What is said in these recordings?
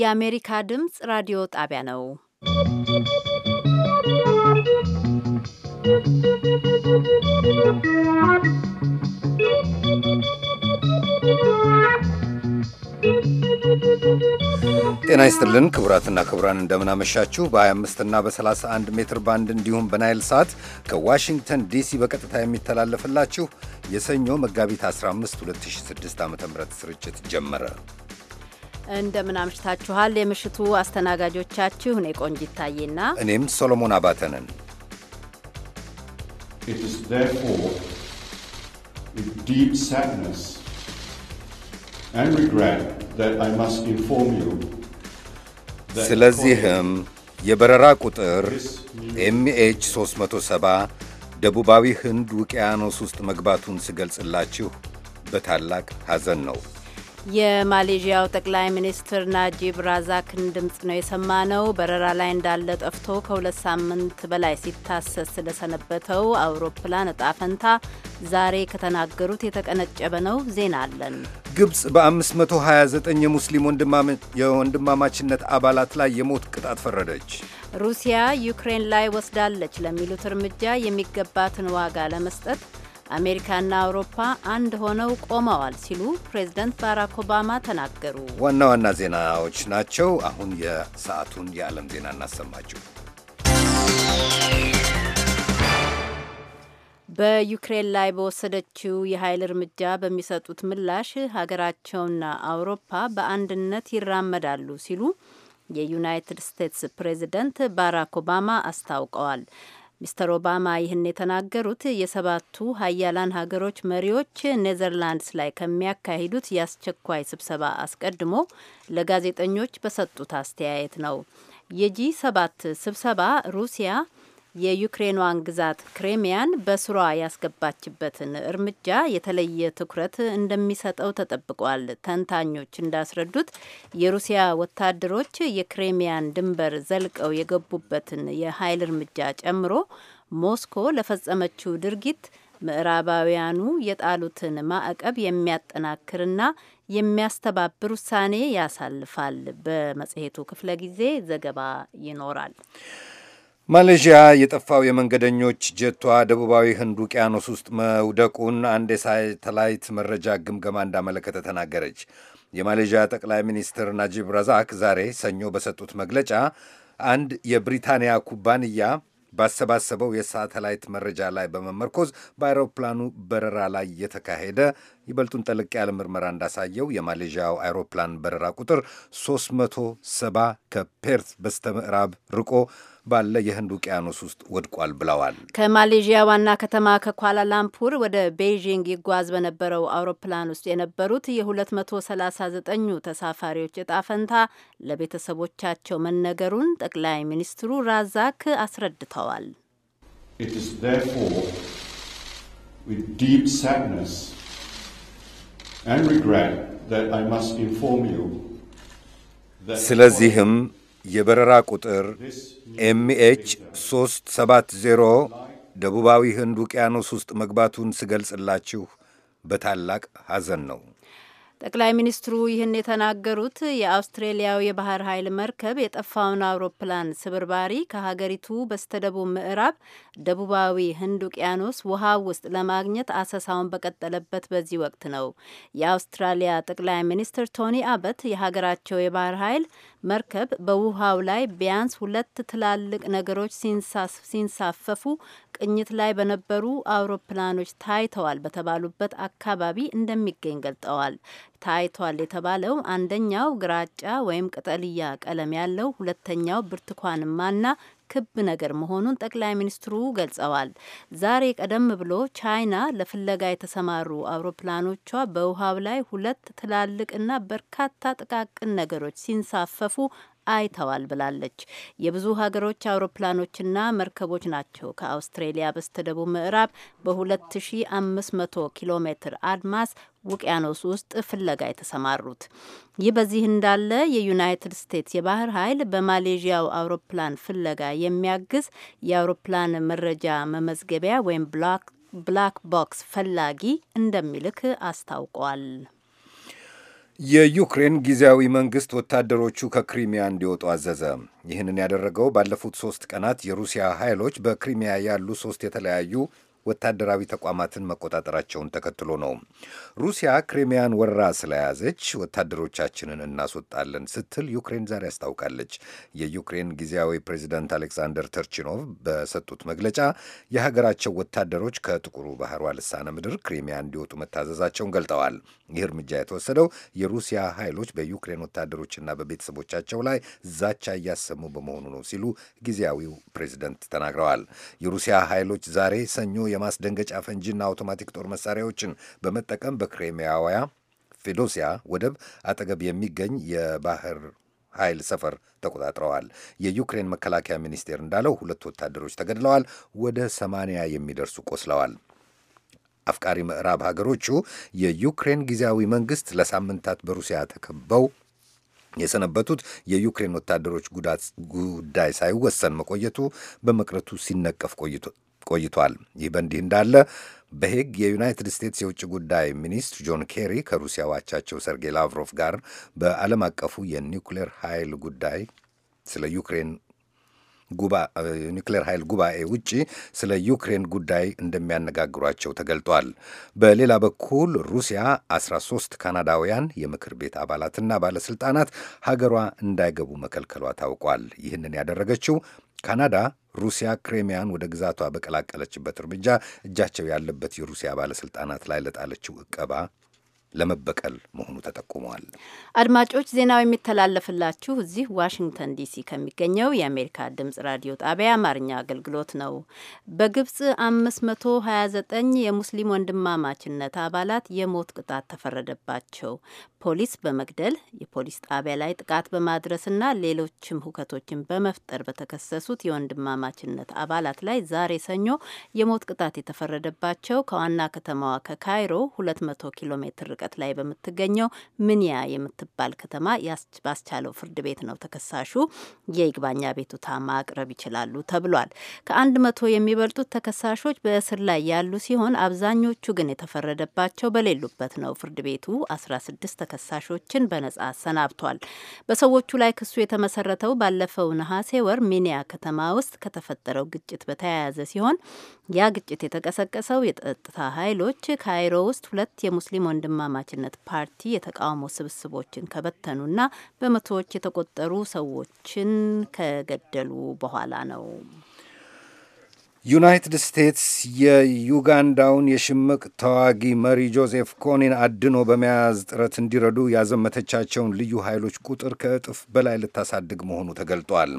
የአሜሪካ ድምፅ ራዲዮ ጣቢያ ነው። ጤና ይስጥልን ክቡራትና ክቡራን፣ እንደምናመሻችሁ። በ25 እና በ31 ሜትር ባንድ እንዲሁም በናይል ሳት ከዋሽንግተን ዲሲ በቀጥታ የሚተላለፍላችሁ የሰኞ መጋቢት 15 2006 ዓ ም ስርጭት ጀመረ። እንደምን አምሽታችኋል። የምሽቱ አስተናጋጆቻችሁ እኔ ቆንጅ ይታየና እኔም ሶሎሞን አባተ ነን። ስለዚህም የበረራ ቁጥር ኤምኤች 370 ደቡባዊ ህንድ ውቅያኖስ ውስጥ መግባቱን ስገልጽላችሁ በታላቅ ሐዘን ነው። የማሌዥያው ጠቅላይ ሚኒስትር ናጂብ ራዛክን ድምጽ ነው የሰማነው። በረራ ላይ እንዳለ ጠፍቶ ከሁለት ሳምንት በላይ ሲታሰስ ስለሰነበተው አውሮፕላን እጣ ፈንታ ዛሬ ከተናገሩት የተቀነጨበ ነው። ዜና አለን። ግብጽ በ529 የሙስሊም የወንድማማችነት አባላት ላይ የሞት ቅጣት ፈረደች። ሩሲያ ዩክሬን ላይ ወስዳለች ለሚሉት እርምጃ የሚገባትን ዋጋ ለመስጠት አሜሪካና አውሮፓ አንድ ሆነው ቆመዋል ሲሉ ፕሬዝደንት ባራክ ኦባማ ተናገሩ። ዋና ዋና ዜናዎች ናቸው። አሁን የሰዓቱን የዓለም ዜና እናሰማችሁ። በዩክሬን ላይ በወሰደችው የኃይል እርምጃ በሚሰጡት ምላሽ ሀገራቸውና አውሮፓ በአንድነት ይራመዳሉ ሲሉ የዩናይትድ ስቴትስ ፕሬዝደንት ባራክ ኦባማ አስታውቀዋል። ሚስተር ኦባማ ይህን የተናገሩት የሰባቱ ሀያላን ሀገሮች መሪዎች ኔዘርላንድስ ላይ ከሚያካሂዱት የአስቸኳይ ስብሰባ አስቀድሞ ለጋዜጠኞች በሰጡት አስተያየት ነው። የጂ ሰባት ስብሰባ ሩሲያ የዩክሬኗን ግዛት ክሬሚያን በስሯ ያስገባችበትን እርምጃ የተለየ ትኩረት እንደሚሰጠው ተጠብቋል። ተንታኞች እንዳስረዱት የሩሲያ ወታደሮች የክሬሚያን ድንበር ዘልቀው የገቡበትን የኃይል እርምጃ ጨምሮ ሞስኮ ለፈጸመችው ድርጊት ምዕራባውያኑ የጣሉትን ማዕቀብ የሚያጠናክርና የሚያስተባብር ውሳኔ ያሳልፋል። በመጽሔቱ ክፍለ ጊዜ ዘገባ ይኖራል። ማሌዥያ የጠፋው የመንገደኞች ጀቷ ደቡባዊ ህንድ ውቅያኖስ ውስጥ መውደቁን አንድ የሳተላይት መረጃ ግምገማ እንዳመለከተ ተናገረች። የማሌዥያ ጠቅላይ ሚኒስትር ናጂብ ራዛክ ዛሬ ሰኞ በሰጡት መግለጫ አንድ የብሪታንያ ኩባንያ ባሰባሰበው የሳተላይት መረጃ ላይ በመመርኮዝ በአይሮፕላኑ በረራ ላይ የተካሄደ ይበልጡን ጠለቅ ያለ ምርመራ እንዳሳየው የማሌዥያው አይሮፕላን በረራ ቁጥር 370 ከፔርት በስተምዕራብ ርቆ ባለ የህንድ ውቅያኖስ ውስጥ ወድቋል ብለዋል። ከማሌዥያ ዋና ከተማ ከኳላላምፑር ወደ ቤይዥንግ ይጓዝ በነበረው አውሮፕላን ውስጥ የነበሩት የ239ኙ ተሳፋሪዎች እጣ ፈንታ ለቤተሰቦቻቸው መነገሩን ጠቅላይ ሚኒስትሩ ራዛክ አስረድተዋል። ስለዚህም የበረራ ቁጥር ኤምኤች 370 ደቡባዊ ህንድ ውቅያኖስ ውስጥ መግባቱን ስገልጽላችሁ በታላቅ ሐዘን ነው። ጠቅላይ ሚኒስትሩ ይህን የተናገሩት የአውስትሬሊያው የባህር ኃይል መርከብ የጠፋውን አውሮፕላን ስብርባሪ ከሀገሪቱ በስተደቡብ ምዕራብ ደቡባዊ ህንድ ውቅያኖስ ውሃ ውስጥ ለማግኘት አሰሳውን በቀጠለበት በዚህ ወቅት ነው። የአውስትራሊያ ጠቅላይ ሚኒስትር ቶኒ አበት የሀገራቸው የባህር ኃይል መርከብ በውሃው ላይ ቢያንስ ሁለት ትላልቅ ነገሮች ሲንሳፈፉ ቅኝት ላይ በነበሩ አውሮፕላኖች ታይተዋል በተባሉበት አካባቢ እንደሚገኝ ገልጠዋል። ታይቷል የተባለው አንደኛው ግራጫ ወይም ቅጠልያ ቀለም ያለው ሁለተኛው ብርቱካንማና ክብ ነገር መሆኑን ጠቅላይ ሚኒስትሩ ገልጸዋል። ዛሬ ቀደም ብሎ ቻይና ለፍለጋ የተሰማሩ አውሮፕላኖቿ በውሃው ላይ ሁለት ትላልቅና በርካታ ጥቃቅን ነገሮች ሲንሳፈፉ አይተዋል ብላለች። የብዙ ሀገሮች አውሮፕላኖችና መርከቦች ናቸው ከአውስትሬሊያ በስተደቡብ ምዕራብ በ2500 ኪሎ ሜትር አድማስ ውቅያኖስ ውስጥ ፍለጋ የተሰማሩት። ይህ በዚህ እንዳለ የዩናይትድ ስቴትስ የባህር ኃይል በማሌዥያው አውሮፕላን ፍለጋ የሚያግዝ የአውሮፕላን መረጃ መመዝገቢያ ወይም ብላክ ቦክስ ፈላጊ እንደሚልክ አስታውቋል። የዩክሬን ጊዜያዊ መንግስት ወታደሮቹ ከክሪሚያ እንዲወጡ አዘዘ። ይህንን ያደረገው ባለፉት ሶስት ቀናት የሩሲያ ኃይሎች በክሪሚያ ያሉ ሶስት የተለያዩ ወታደራዊ ተቋማትን መቆጣጠራቸውን ተከትሎ ነው። ሩሲያ ክሪሚያን ወራ ስለያዘች ወታደሮቻችንን እናስወጣለን ስትል ዩክሬን ዛሬ አስታውቃለች። የዩክሬን ጊዜያዊ ፕሬዚደንት አሌክሳንደር ተርቺኖቭ በሰጡት መግለጫ የሀገራቸው ወታደሮች ከጥቁሩ ባህሯ ልሳነ ምድር ክሪሚያ እንዲወጡ መታዘዛቸውን ገልጠዋል። ይህ እርምጃ የተወሰደው የሩሲያ ኃይሎች በዩክሬን ወታደሮችና በቤተሰቦቻቸው ላይ ዛቻ እያሰሙ በመሆኑ ነው ሲሉ ጊዜያዊው ፕሬዚደንት ተናግረዋል። የሩሲያ ኃይሎች ዛሬ ሰኞ የማስደንገጫ ፈንጂና አውቶማቲክ ጦር መሳሪያዎችን በመጠቀም በክሬሚያውያ ፌዶሲያ ወደብ አጠገብ የሚገኝ የባህር ኃይል ሰፈር ተቆጣጥረዋል። የዩክሬን መከላከያ ሚኒስቴር እንዳለው ሁለት ወታደሮች ተገድለዋል፣ ወደ ሰማንያ የሚደርሱ ቆስለዋል። አፍቃሪ ምዕራብ ሀገሮቹ የዩክሬን ጊዜያዊ መንግስት ለሳምንታት በሩሲያ ተከበው የሰነበቱት የዩክሬን ወታደሮች ጉዳይ ሳይወሰን መቆየቱ በመቅረቱ ሲነቀፍ ቆይቶ ቆይቷል። ይህ በእንዲህ እንዳለ በሄግ የዩናይትድ ስቴትስ የውጭ ጉዳይ ሚኒስትር ጆን ኬሪ ከሩሲያ ዋቻቸው ሰርጌይ ላቭሮቭ ጋር በዓለም አቀፉ የኒውክሌር ኃይል ጉዳይ ስለ ዩክሬን የኒውክሌር ኃይል ጉባኤ ውጪ ስለ ዩክሬን ጉዳይ እንደሚያነጋግሯቸው ተገልጧል። በሌላ በኩል ሩሲያ 13 ካናዳውያን የምክር ቤት አባላትና ባለስልጣናት ሀገሯ እንዳይገቡ መከልከሏ ታውቋል። ይህንን ያደረገችው ካናዳ ሩሲያ ክሬሚያን ወደ ግዛቷ በቀላቀለችበት እርምጃ እጃቸው ያለበት የሩሲያ ባለስልጣናት ላይ ለጣለችው እቀባ ለመበቀል መሆኑ ተጠቁመዋል። አድማጮች ዜናው የሚተላለፍላችሁ እዚህ ዋሽንግተን ዲሲ ከሚገኘው የአሜሪካ ድምጽ ራዲዮ ጣቢያ አማርኛ አገልግሎት ነው። በግብጽ 529 የሙስሊም ወንድማማችነት አባላት የሞት ቅጣት ተፈረደባቸው። ፖሊስ በመግደል የፖሊስ ጣቢያ ላይ ጥቃት በማድረስና ሌሎችም ሁከቶችን በመፍጠር በተከሰሱት የወንድማማችነት አባላት ላይ ዛሬ ሰኞ የሞት ቅጣት የተፈረደባቸው ከዋና ከተማዋ ከካይሮ 200 ኪሎ ሜትር ርቀት ላይ በምትገኘው ምንያ የምትባል ከተማ ባስቻለው ፍርድ ቤት ነው። ተከሳሹ የይግባኛ ቤቱታ ማቅረብ ይችላሉ ተብሏል። ከአንድ መቶ የሚበልጡት ተከሳሾች በእስር ላይ ያሉ ሲሆን አብዛኞቹ ግን የተፈረደባቸው በሌሉበት ነው። ፍርድ ቤቱ 16 ተከሳሾችን በነጻ አሰናብቷል። በሰዎቹ ላይ ክሱ የተመሰረተው ባለፈው ነሐሴ ወር ሚኒያ ከተማ ውስጥ ከተፈጠረው ግጭት በተያያዘ ሲሆን ያ ግጭት የተቀሰቀሰው የጸጥታ ኃይሎች ካይሮ ውስጥ ሁለት የሙስሊም ወንድማማችነት ፓርቲ የተቃውሞ ስብስቦችን ከበተኑና በመቶዎች የተቆጠሩ ሰዎችን ከገደሉ በኋላ ነው። ዩናይትድ ስቴትስ የዩጋንዳውን የሽምቅ ተዋጊ መሪ ጆዜፍ ኮኒን አድኖ በመያዝ ጥረት እንዲረዱ ያዘመተቻቸውን ልዩ ኃይሎች ቁጥር ከእጥፍ በላይ ልታሳድግ መሆኑ ተገልጧል።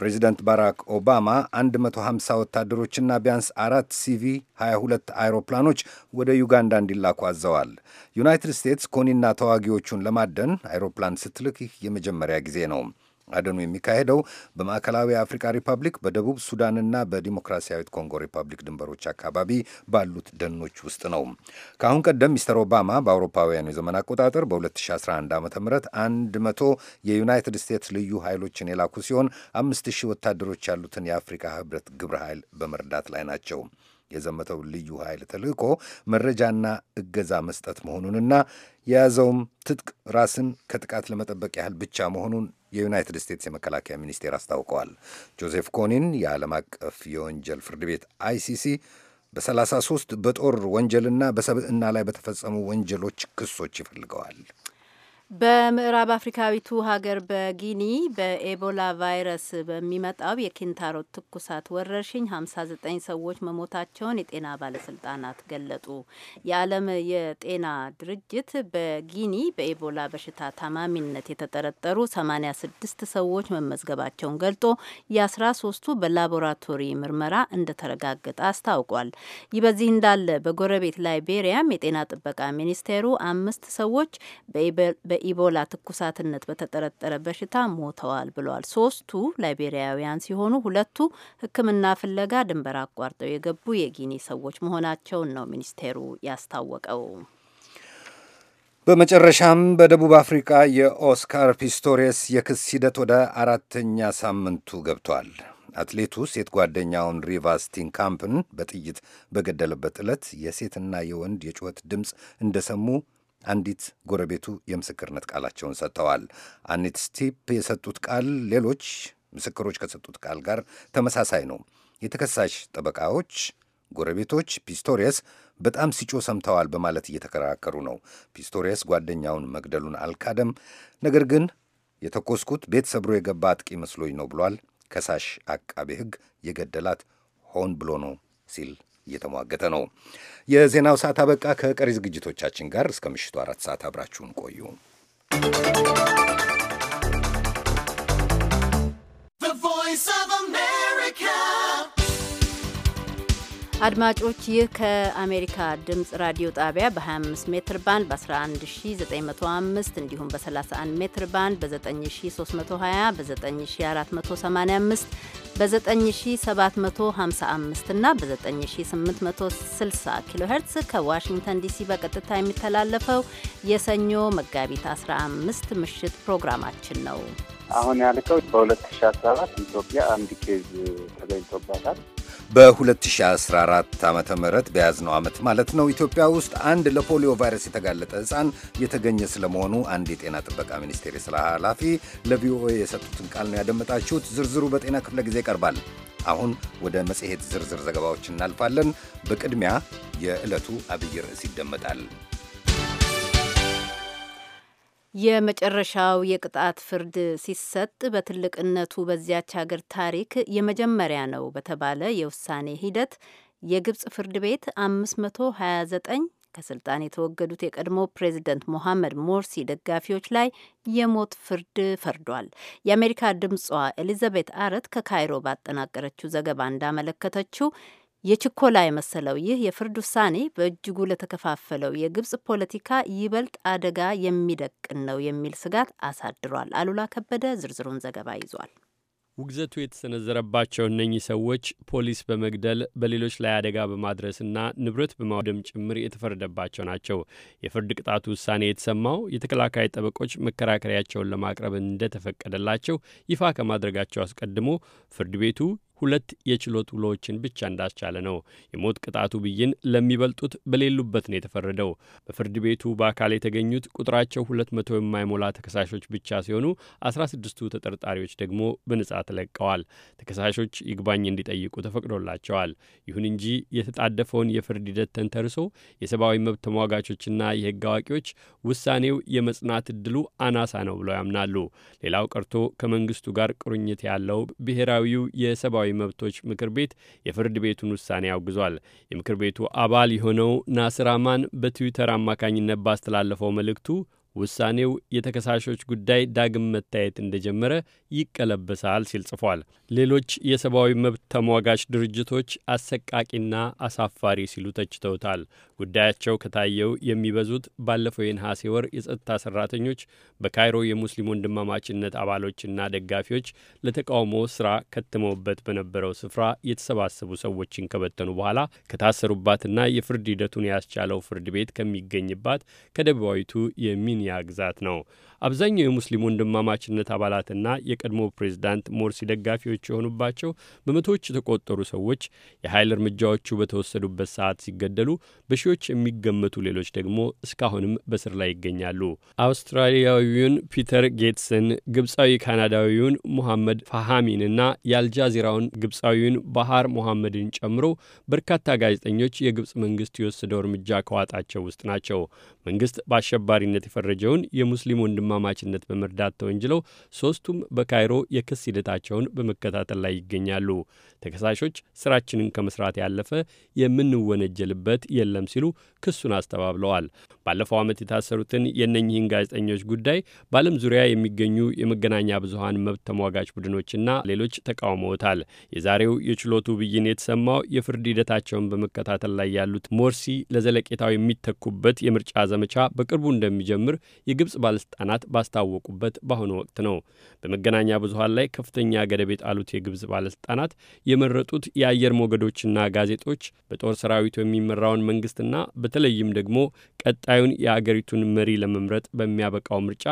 ፕሬዚደንት ባራክ ኦባማ 150 ወታደሮችና ቢያንስ አራት ሲቪ 22 አይሮፕላኖች ወደ ዩጋንዳ እንዲላኩ አዘዋል። ዩናይትድ ስቴትስ ኮኒና ተዋጊዎቹን ለማደን አይሮፕላን ስትልክ ይህ የመጀመሪያ ጊዜ ነው። አደኑ የሚካሄደው በማዕከላዊ አፍሪካ ሪፐብሊክ በደቡብ ሱዳንና በዲሞክራሲያዊት ኮንጎ ሪፐብሊክ ድንበሮች አካባቢ ባሉት ደኖች ውስጥ ነው። ከአሁን ቀደም ሚስተር ኦባማ በአውሮፓውያኑ የዘመን አቆጣጠር በ2011 ዓ ም አንድ መቶ የዩናይትድ ስቴትስ ልዩ ኃይሎችን የላኩ ሲሆን አምስት ሺህ ወታደሮች ያሉትን የአፍሪካ ህብረት ግብረ ኃይል በመርዳት ላይ ናቸው። የዘመተው ልዩ ኃይል ተልእኮ መረጃና እገዛ መስጠት መሆኑንና የያዘውም ትጥቅ ራስን ከጥቃት ለመጠበቅ ያህል ብቻ መሆኑን የዩናይትድ ስቴትስ የመከላከያ ሚኒስቴር አስታውቀዋል። ጆዜፍ ኮኒን የዓለም አቀፍ የወንጀል ፍርድ ቤት አይሲሲ በ33 በጦር ወንጀልና በሰብዕና ላይ በተፈጸሙ ወንጀሎች ክሶች ይፈልገዋል። በምዕራብ አፍሪካዊቱ ሀገር በጊኒ በኤቦላ ቫይረስ በሚመጣው የኪንታሮት ትኩሳት ወረርሽኝ 59 ሰዎች መሞታቸውን የጤና ባለስልጣናት ገለጡ። የዓለም የጤና ድርጅት በጊኒ በኤቦላ በሽታ ታማሚነት የተጠረጠሩ 86 ሰዎች መመዝገባቸውን ገልጦ የ13ቱ በላቦራቶሪ ምርመራ እንደተረጋገጠ አስታውቋል። ይህ በዚህ እንዳለ በጎረቤት ላይቤሪያም የጤና ጥበቃ ሚኒስቴሩ አምስት ሰዎች በኢቦላ ትኩሳትነት በተጠረጠረ በሽታ ሞተዋል ብለዋል። ሶስቱ ላይቤሪያውያን ሲሆኑ ሁለቱ ሕክምና ፍለጋ ድንበር አቋርጠው የገቡ የጊኒ ሰዎች መሆናቸውን ነው ሚኒስቴሩ ያስታወቀው። በመጨረሻም በደቡብ አፍሪካ የኦስካር ፒስቶሬስ የክስ ሂደት ወደ አራተኛ ሳምንቱ ገብቷል። አትሌቱ ሴት ጓደኛውን ሪቫ ስቲንካምፕን በጥይት በገደለበት ዕለት የሴትና የወንድ የጩኸት ድምፅ እንደሰሙ አንዲት ጎረቤቱ የምስክርነት ቃላቸውን ሰጥተዋል። አኒት ስቲፕ የሰጡት ቃል ሌሎች ምስክሮች ከሰጡት ቃል ጋር ተመሳሳይ ነው። የተከሳሽ ጠበቃዎች ጎረቤቶች ፒስቶሪየስ በጣም ሲጮ ሰምተዋል በማለት እየተከራከሩ ነው። ፒስቶሪየስ ጓደኛውን መግደሉን አልካደም። ነገር ግን የተኮስኩት ቤት ሰብሮ የገባ አጥቂ መስሎኝ ነው ብሏል። ከሳሽ አቃቤ ሕግ የገደላት ሆን ብሎ ነው ሲል እየተሟገተ ነው። የዜናው ሰዓት አበቃ። ከቀሪ ዝግጅቶቻችን ጋር እስከ ምሽቱ አራት ሰዓት አብራችሁን ቆዩ። አድማጮች ይህ ከአሜሪካ ድምፅ ራዲዮ ጣቢያ በ25 ሜትር ባንድ በ11905 እንዲሁም በ31 ሜትር ባንድ በ9320 በ9485 በ9755 እና በ9860 ኪሎ ሄርትስ ከዋሽንግተን ዲሲ በቀጥታ የሚተላለፈው የሰኞ መጋቢት 15 ምሽት ፕሮግራማችን ነው። አሁን ያልከው በ2017 ኢትዮጵያ አንድ ኬዝ ተገኝቶባታል። በ2014 ዓ ም በያዝነው ዓመት ማለት ነው ኢትዮጵያ ውስጥ አንድ ለፖሊዮ ቫይረስ የተጋለጠ ሕፃን የተገኘ ስለመሆኑ አንድ የጤና ጥበቃ ሚኒስቴር የሥራ ኃላፊ ለቪኦኤ የሰጡትን ቃል ነው ያደመጣችሁት። ዝርዝሩ በጤና ክፍለ ጊዜ ይቀርባል። አሁን ወደ መጽሔት ዝርዝር ዘገባዎች እናልፋለን። በቅድሚያ የዕለቱ አብይ ርዕስ ይደመጣል። የመጨረሻው የቅጣት ፍርድ ሲሰጥ በትልቅነቱ በዚያች ሀገር ታሪክ የመጀመሪያ ነው በተባለ የውሳኔ ሂደት የግብጽ ፍርድ ቤት 529 ከስልጣን የተወገዱት የቀድሞ ፕሬዚደንት ሞሐመድ ሞርሲ ደጋፊዎች ላይ የሞት ፍርድ ፈርዷል። የአሜሪካ ድምጿ ኤሊዛቤት አረት ከካይሮ ባጠናቀረችው ዘገባ እንዳመለከተችው የችኮላ የመሰለው ይህ የፍርድ ውሳኔ በእጅጉ ለተከፋፈለው የግብጽ ፖለቲካ ይበልጥ አደጋ የሚደቅን ነው የሚል ስጋት አሳድሯል። አሉላ ከበደ ዝርዝሩን ዘገባ ይዟል። ውግዘቱ የተሰነዘረባቸው እነኚህ ሰዎች ፖሊስ በመግደል በሌሎች ላይ አደጋ በማድረስና ንብረት በማውደም ጭምር የተፈረደባቸው ናቸው። የፍርድ ቅጣቱ ውሳኔ የተሰማው የተከላካይ ጠበቆች መከራከሪያቸውን ለማቅረብ እንደተፈቀደላቸው ይፋ ከማድረጋቸው አስቀድሞ ፍርድ ቤቱ ሁለት የችሎት ውሎዎችን ብቻ እንዳስቻለ ነው። የሞት ቅጣቱ ብይን ለሚበልጡት በሌሉበት ነው የተፈረደው። በፍርድ ቤቱ በአካል የተገኙት ቁጥራቸው ሁለት መቶ የማይሞላ ተከሳሾች ብቻ ሲሆኑ አስራ ስድስቱ ተጠርጣሪዎች ደግሞ በነጻ ተለቀዋል። ተከሳሾች ይግባኝ እንዲጠይቁ ተፈቅዶላቸዋል። ይሁን እንጂ የተጣደፈውን የፍርድ ሂደት ተንተርሶ የሰብአዊ መብት ተሟጋቾችና የህግ አዋቂዎች ውሳኔው የመጽናት እድሉ አናሳ ነው ብለው ያምናሉ። ሌላው ቀርቶ ከመንግስቱ ጋር ቁርኝት ያለው ብሔራዊው የሰብአዊ ሰብአዊ መብቶች ምክር ቤት የፍርድ ቤቱን ውሳኔ አውግዟል። የምክር ቤቱ አባል የሆነው ናስር አማን በትዊተር አማካኝነት ባስተላለፈው መልእክቱ ውሳኔው የተከሳሾች ጉዳይ ዳግም መታየት እንደጀመረ ይቀለበሳል ሲል ጽፏል። ሌሎች የሰብአዊ መብት ተሟጋች ድርጅቶች አሰቃቂና አሳፋሪ ሲሉ ተችተውታል። ጉዳያቸው ከታየው የሚበዙት ባለፈው የነሐሴ ወር የጸጥታ ሠራተኞች በካይሮ የሙስሊም ወንድማማችነት አባሎችና ደጋፊዎች ለተቃውሞ ሥራ ከትመውበት በነበረው ስፍራ የተሰባሰቡ ሰዎችን ከበተኑ በኋላ ከታሰሩባትና የፍርድ ሂደቱን ያስቻለው ፍርድ ቤት ከሚገኝባት ከደቡባዊቱ የሚን የኬንያ ግዛት ነው። አብዛኛው የሙስሊም ወንድማማችነት አባላትና የቀድሞ ፕሬዝዳንት ሞርሲ ደጋፊዎች የሆኑባቸው በመቶዎች የተቆጠሩ ሰዎች የኃይል እርምጃዎቹ በተወሰዱበት ሰዓት ሲገደሉ፣ በሺዎች የሚገመቱ ሌሎች ደግሞ እስካሁንም በስር ላይ ይገኛሉ። አውስትራሊያዊውን ፒተር ጌትስን፣ ግብፃዊ ካናዳዊውን ሙሐመድ ፋሃሚንና የአልጃዚራውን ግብፃዊውን ባህር ሙሐመድን ጨምሮ በርካታ ጋዜጠኞች የግብፅ መንግስት የወሰደው እርምጃ ከዋጣቸው ውስጥ ናቸው። መንግስት በአሸባሪነት የፈረ የተፈረጀውን የሙስሊም ወንድማማችነት በመርዳት ተወንጅለው ሦስቱም በካይሮ የክስ ሂደታቸውን በመከታተል ላይ ይገኛሉ። ተከሳሾች ስራችንን ከመስራት ያለፈ የምንወነጀልበት የለም ሲሉ ክሱን አስተባብለዋል። ባለፈው ዓመት የታሰሩትን የእነኚህን ጋዜጠኞች ጉዳይ በዓለም ዙሪያ የሚገኙ የመገናኛ ብዙሀን መብት ተሟጋች ቡድኖችና ሌሎች ተቃውመውታል። የዛሬው የችሎቱ ብይን የተሰማው የፍርድ ሂደታቸውን በመከታተል ላይ ያሉት ሞርሲ ለዘለቄታው የሚተኩበት የምርጫ ዘመቻ በቅርቡ እንደሚጀምር የግብፅ ባለሥልጣናት ባስታወቁበት በአሁኑ ወቅት ነው። በመገናኛ ብዙሀን ላይ ከፍተኛ ገደብ የጣሉት የግብፅ ባለሥልጣናት የመረጡት የአየር ሞገዶችና ጋዜጦች በጦር ሰራዊቱ የሚመራውን መንግስትና በተለይም ደግሞ ቀጣዩን የአገሪቱን መሪ ለመምረጥ በሚያበቃው ምርጫ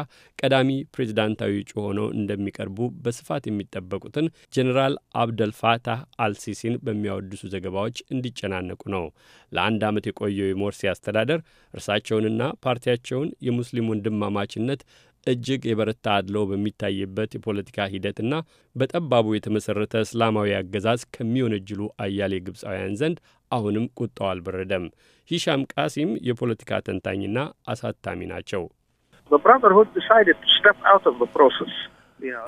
ቀዳሚ ፕሬዚዳንታዊ እጩ ሆነው እንደሚቀርቡ በስፋት የሚጠበቁትን ጀኔራል አብደልፋታህ አልሲሲን በሚያወድሱ ዘገባዎች እንዲጨናነቁ ነው። ለአንድ ዓመት የቆየው የሞርሲ አስተዳደር እርሳቸውንና ፓርቲያቸውን የሙስሊም ሙስሊም ወንድማማችነት እጅግ የበረታ አድለው በሚታይበት የፖለቲካ ሂደትና በጠባቡ የተመሠረተ እስላማዊ አገዛዝ ከሚወነጅሉ አያሌ ግብፃውያን ዘንድ አሁንም ቁጣው አልበረደም። ሂሻም ቃሲም የፖለቲካ ተንታኝና አሳታሚ ናቸው።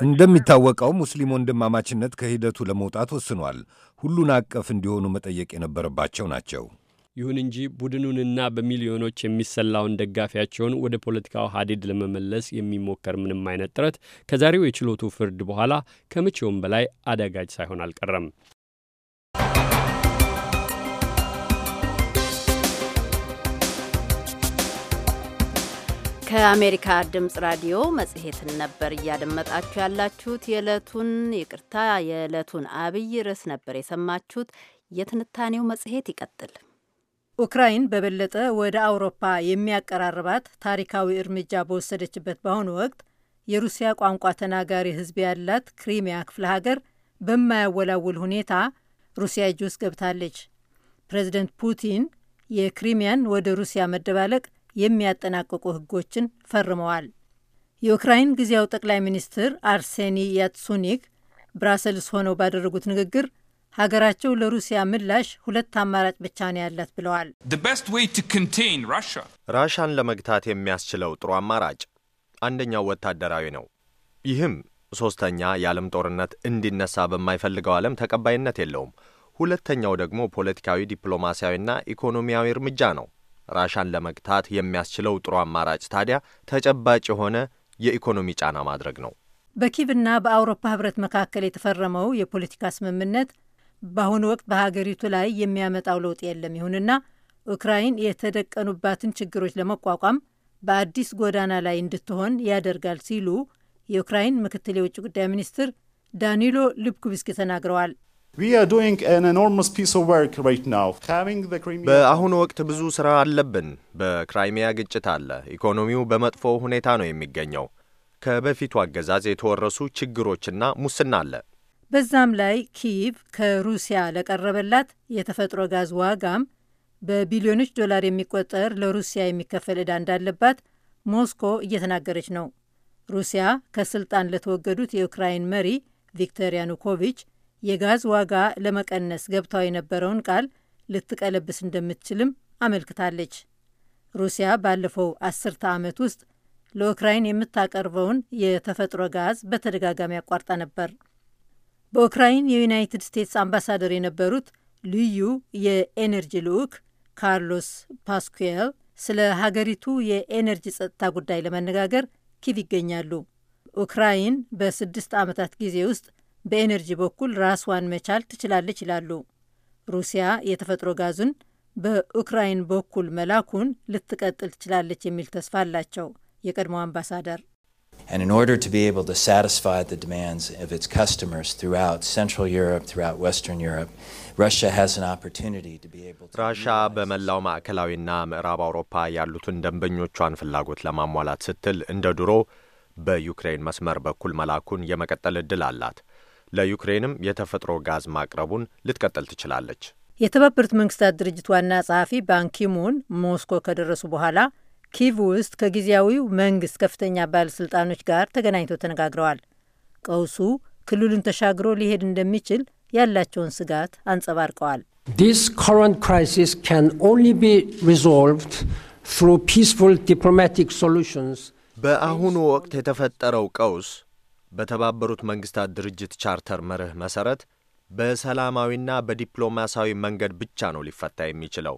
እንደሚታወቀው ሙስሊም ወንድማማችነት ከሂደቱ ለመውጣት ወስኗል። ሁሉን አቀፍ እንዲሆኑ መጠየቅ የነበረባቸው ናቸው። ይሁን እንጂ ቡድኑንና በሚሊዮኖች የሚሰላውን ደጋፊያቸውን ወደ ፖለቲካው ሀዲድ ለመመለስ የሚሞከር ምንም አይነት ጥረት ከዛሬው የችሎቱ ፍርድ በኋላ ከመቼውም በላይ አዳጋጅ ሳይሆን አልቀረም። ከአሜሪካ ድምጽ ራዲዮ መጽሔትን ነበር እያደመጣችሁ ያላችሁት። የዕለቱን ይቅርታ፣ የዕለቱን አብይ ርዕስ ነበር የሰማችሁት። የትንታኔው መጽሔት ይቀጥል። ኡክራይን በበለጠ ወደ አውሮፓ የሚያቀራርባት ታሪካዊ እርምጃ በወሰደችበት በአሁኑ ወቅት የሩሲያ ቋንቋ ተናጋሪ ሕዝብ ያላት ክሪሚያ ክፍለ ሀገር በማያወላውል ሁኔታ ሩሲያ እጅ ውስጥ ገብታለች። ፕሬዚደንት ፑቲን የክሪሚያን ወደ ሩሲያ መደባለቅ የሚያጠናቅቁ ሕጎችን ፈርመዋል። የኡክራይን ጊዜያዊ ጠቅላይ ሚኒስትር አርሴኒ ያትሱኒክ ብራሰልስ ሆነው ባደረጉት ንግግር ሀገራቸው ለሩሲያ ምላሽ ሁለት አማራጭ ብቻ ነው ያላት ብለዋል። ራሻን ለመግታት የሚያስችለው ጥሩ አማራጭ አንደኛው ወታደራዊ ነው። ይህም ሶስተኛ የዓለም ጦርነት እንዲነሳ በማይፈልገው ዓለም ተቀባይነት የለውም። ሁለተኛው ደግሞ ፖለቲካዊ፣ ዲፕሎማሲያዊና ኢኮኖሚያዊ እርምጃ ነው። ራሻን ለመግታት የሚያስችለው ጥሩ አማራጭ ታዲያ ተጨባጭ የሆነ የኢኮኖሚ ጫና ማድረግ ነው። በኪቭና በአውሮፓ ህብረት መካከል የተፈረመው የፖለቲካ ስምምነት በአሁኑ ወቅት በሀገሪቱ ላይ የሚያመጣው ለውጥ የለም። ይሁንና ኡክራይን የተደቀኑባትን ችግሮች ለመቋቋም በአዲስ ጎዳና ላይ እንድትሆን ያደርጋል ሲሉ የዩክራይን ምክትል የውጭ ጉዳይ ሚኒስትር ዳኒሎ ልብኩቢስኪ ተናግረዋል። በአሁኑ ወቅት ብዙ ስራ አለብን። በክራይሚያ ግጭት አለ። ኢኮኖሚው በመጥፎ ሁኔታ ነው የሚገኘው። ከበፊቱ አገዛዝ የተወረሱ ችግሮችና ሙስና አለ። በዛም ላይ ኪቭ ከሩሲያ ለቀረበላት የተፈጥሮ ጋዝ ዋጋም በቢሊዮኖች ዶላር የሚቆጠር ለሩሲያ የሚከፈል ዕዳ እንዳለባት ሞስኮ እየተናገረች ነው። ሩሲያ ከስልጣን ለተወገዱት የዩክራይን መሪ ቪክተር ያኑኮቪች የጋዝ ዋጋ ለመቀነስ ገብታው የነበረውን ቃል ልትቀለብስ እንደምትችልም አመልክታለች። ሩሲያ ባለፈው አስርተ ዓመት ውስጥ ለዩክራይን የምታቀርበውን የተፈጥሮ ጋዝ በተደጋጋሚ ያቋርጣ ነበር። በኡክራይን የዩናይትድ ስቴትስ አምባሳደር የነበሩት ልዩ የኤነርጂ ልዑክ ካርሎስ ፓስኩዌል ስለ ሀገሪቱ የኤነርጂ ጸጥታ ጉዳይ ለመነጋገር ኪቭ ይገኛሉ። ኡክራይን በስድስት ዓመታት ጊዜ ውስጥ በኤነርጂ በኩል ራስዋን መቻል ትችላለች ይላሉ። ሩሲያ የተፈጥሮ ጋዙን በኡክራይን በኩል መላኩን ልትቀጥል ትችላለች የሚል ተስፋ አላቸው የቀድሞ አምባሳደር። And in order to be able to satisfy the demands of its customers throughout Central Europe, throughout Western Europe, Russia has an opportunity to be able to ራሻ በመላው ማዕከላዊና ምዕራብ አውሮፓ ያሉትን ደንበኞቿን ፍላጎት ለማሟላት ስትል እንደ ድሮ በዩክሬን መስመር በኩል መላኩን የመቀጠል እድል አላት። ለዩክሬንም የተፈጥሮ ጋዝ ማቅረቡን ልትቀጥል ትችላለች። የተባበሩት መንግስታት ድርጅት ዋና ጸሐፊ ባንኪሙን ሞስኮ ከደረሱ በኋላ ኪቭ ውስጥ ከጊዜያዊው መንግስት ከፍተኛ ባለሥልጣኖች ጋር ተገናኝተው ተነጋግረዋል። ቀውሱ ክልሉን ተሻግሮ ሊሄድ እንደሚችል ያላቸውን ስጋት አንጸባርቀዋል። ዲስ ኮረንት ክራይሲስ ካን ቢ ሪዞልቭድ ትሩ ፒስፉል ዲፕሎማቲክ ሶሉሽንስ። በአሁኑ ወቅት የተፈጠረው ቀውስ በተባበሩት መንግስታት ድርጅት ቻርተር መርህ መሠረት በሰላማዊና በዲፕሎማሲያዊ መንገድ ብቻ ነው ሊፈታ የሚችለው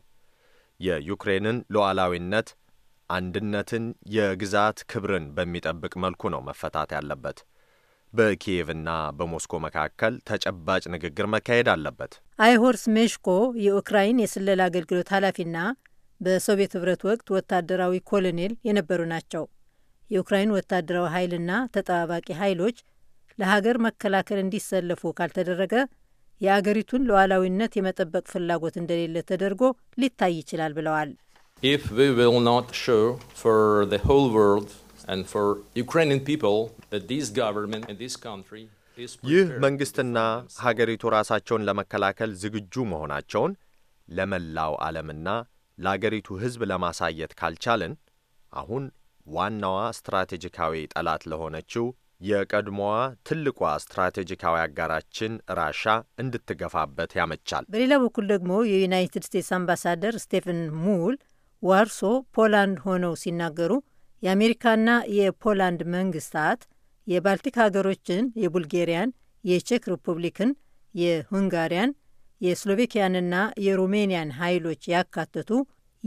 የዩክሬንን ሉዓላዊነት አንድነትን፣ የግዛት ክብርን በሚጠብቅ መልኩ ነው መፈታት ያለበት። በኪየቭና በሞስኮ መካከል ተጨባጭ ንግግር መካሄድ አለበት። አይሆርስ ሜሽኮ የኡክራይን የስለላ አገልግሎት ኃላፊና በሶቪየት ህብረት ወቅት ወታደራዊ ኮሎኔል የነበሩ ናቸው። የኡክራይን ወታደራዊ ኃይልና ተጠባባቂ ኃይሎች ለሀገር መከላከል እንዲሰለፉ ካልተደረገ የአገሪቱን ሉዓላዊነት የመጠበቅ ፍላጎት እንደሌለ ተደርጎ ሊታይ ይችላል ብለዋል። if we will not show for the whole world and for Ukrainian people that this government and this country ይህ መንግስትና ሀገሪቱ ራሳቸውን ለመከላከል ዝግጁ መሆናቸውን ለመላው ዓለምና ለአገሪቱ ሕዝብ ለማሳየት ካልቻልን አሁን ዋናዋ ስትራቴጂካዊ ጠላት ለሆነችው የቀድሞዋ ትልቋ ስትራቴጂካዊ አጋራችን ራሻ እንድትገፋበት ያመቻል። በሌላ በኩል ደግሞ የዩናይትድ ስቴትስ አምባሳደር ስቴፈን ሙል ዋርሶ ፖላንድ ሆነው ሲናገሩ የአሜሪካና የፖላንድ መንግስታት የባልቲክ ሀገሮችን፣ የቡልጌሪያን፣ የቼክ ሪፑብሊክን፣ የሁንጋሪያን፣ የስሎቬኪያንና የሩሜንያን ኃይሎች ያካተቱ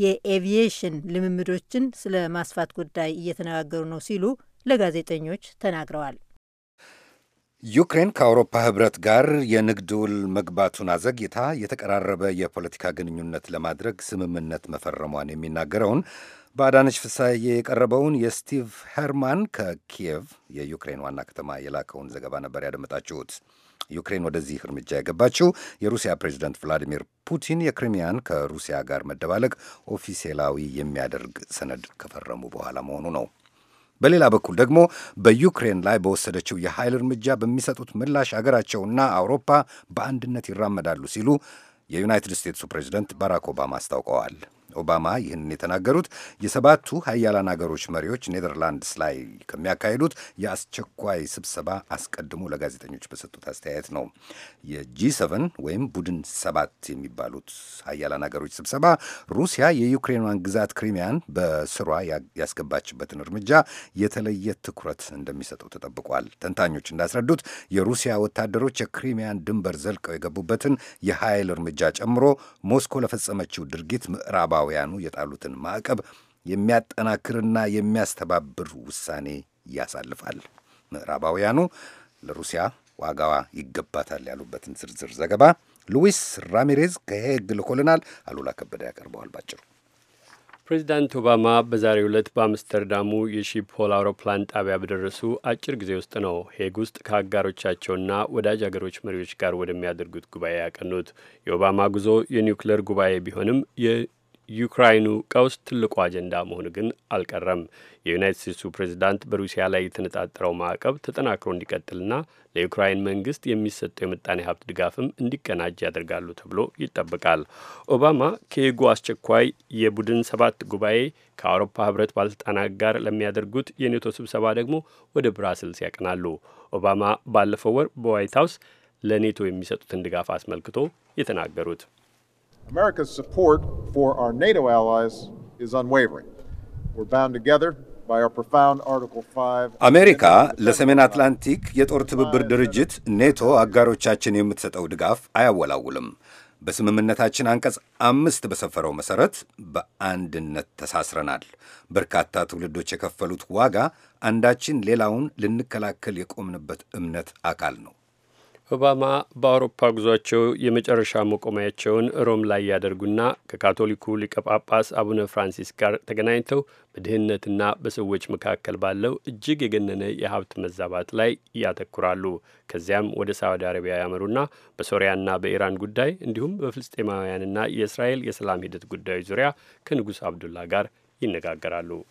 የኤቪዬሽን ልምምዶችን ስለ ማስፋት ጉዳይ እየተነጋገሩ ነው ሲሉ ለጋዜጠኞች ተናግረዋል። ዩክሬን ከአውሮፓ ህብረት ጋር የንግድ ውል መግባቱን አዘግይታ የተቀራረበ የፖለቲካ ግንኙነት ለማድረግ ስምምነት መፈረሟን የሚናገረውን በአዳነች ፍሳዬ የቀረበውን የስቲቭ ሄርማን ከኪየቭ የዩክሬን ዋና ከተማ የላከውን ዘገባ ነበር ያደመጣችሁት። ዩክሬን ወደዚህ እርምጃ የገባችው የሩሲያ ፕሬዚደንት ቭላዲሚር ፑቲን የክሪሚያን ከሩሲያ ጋር መደባለቅ ኦፊሴላዊ የሚያደርግ ሰነድ ከፈረሙ በኋላ መሆኑ ነው። በሌላ በኩል ደግሞ በዩክሬን ላይ በወሰደችው የኃይል እርምጃ በሚሰጡት ምላሽ አገራቸውና አውሮፓ በአንድነት ይራመዳሉ ሲሉ የዩናይትድ ስቴትሱ ፕሬዚደንት ባራክ ኦባማ አስታውቀዋል። ኦባማ ይህንን የተናገሩት የሰባቱ ሀያላን አገሮች መሪዎች ኔዘርላንድስ ላይ ከሚያካሂዱት የአስቸኳይ ስብሰባ አስቀድሞ ለጋዜጠኞች በሰጡት አስተያየት ነው። የጂ ሰቨን ወይም ቡድን ሰባት የሚባሉት ሀያላን አገሮች ስብሰባ ሩሲያ የዩክሬኗን ግዛት ክሪሚያን በስሯ ያስገባችበትን እርምጃ የተለየ ትኩረት እንደሚሰጠው ተጠብቋል። ተንታኞች እንዳስረዱት የሩሲያ ወታደሮች የክሪሚያን ድንበር ዘልቀው የገቡበትን የኃይል እርምጃ ጨምሮ ሞስኮ ለፈጸመችው ድርጊት ምዕራባ ምዕራባውያኑ የጣሉትን ማዕቀብ የሚያጠናክርና የሚያስተባብር ውሳኔ ያሳልፋል። ምዕራባውያኑ ለሩሲያ ዋጋዋ ይገባታል ያሉበትን ዝርዝር ዘገባ ሉዊስ ራሚሬዝ ከሄግ ልኮልናል። አሉላ ከበደ ያቀርበዋል ባጭሩ። ፕሬዚዳንት ኦባማ በዛሬው ዕለት በአምስተርዳሙ የሺፕሆል አውሮፕላን ጣቢያ በደረሱ አጭር ጊዜ ውስጥ ነው ሄግ ውስጥ ከአጋሮቻቸውና ወዳጅ አገሮች መሪዎች ጋር ወደሚያደርጉት ጉባኤ ያቀኑት። የኦባማ ጉዞ የኒውክሌር ጉባኤ ቢሆንም ዩክራይኑ ቀውስ ትልቁ አጀንዳ መሆኑ ግን አልቀረም። የዩናይትድ ስቴትሱ ፕሬዚዳንት በሩሲያ ላይ የተነጣጠረው ማዕቀብ ተጠናክሮ እንዲቀጥልና ለዩክራይን መንግስት የሚሰጠው የምጣኔ ሀብት ድጋፍም እንዲቀናጅ ያደርጋሉ ተብሎ ይጠበቃል። ኦባማ ከሄጉ አስቸኳይ የቡድን ሰባት ጉባኤ ከአውሮፓ ህብረት ባለስልጣናት ጋር ለሚያደርጉት የኔቶ ስብሰባ ደግሞ ወደ ብራስልስ ያቀናሉ። ኦባማ ባለፈው ወር በዋይት ሀውስ ለኔቶ የሚሰጡትን ድጋፍ አስመልክቶ የተናገሩት America's support for our NATO allies is unwavering. We're bound together አሜሪካ ለሰሜን አትላንቲክ የጦር ትብብር ድርጅት ኔቶ አጋሮቻችን የምትሰጠው ድጋፍ አያወላውልም። በስምምነታችን አንቀጽ አምስት በሰፈረው መሠረት በአንድነት ተሳስረናል። በርካታ ትውልዶች የከፈሉት ዋጋ አንዳችን ሌላውን ልንከላከል የቆምንበት እምነት አካል ነው። ኦባማ በአውሮፓ ጉዟቸው የመጨረሻ መቆሚያቸውን ሮም ላይ ያደርጉና ከካቶሊኩ ሊቀ ጳጳስ አቡነ ፍራንሲስ ጋር ተገናኝተው በድህነትና በሰዎች መካከል ባለው እጅግ የገነነ የሀብት መዛባት ላይ ያተኩራሉ። ከዚያም ወደ ሳዑዲ አረቢያ ያመሩና በሶሪያና በኢራን ጉዳይ እንዲሁም በፍልስጤማውያንና የእስራኤል የሰላም ሂደት ጉዳዮች ዙሪያ ከንጉሥ አብዱላ ጋር ይነጋገራሉ።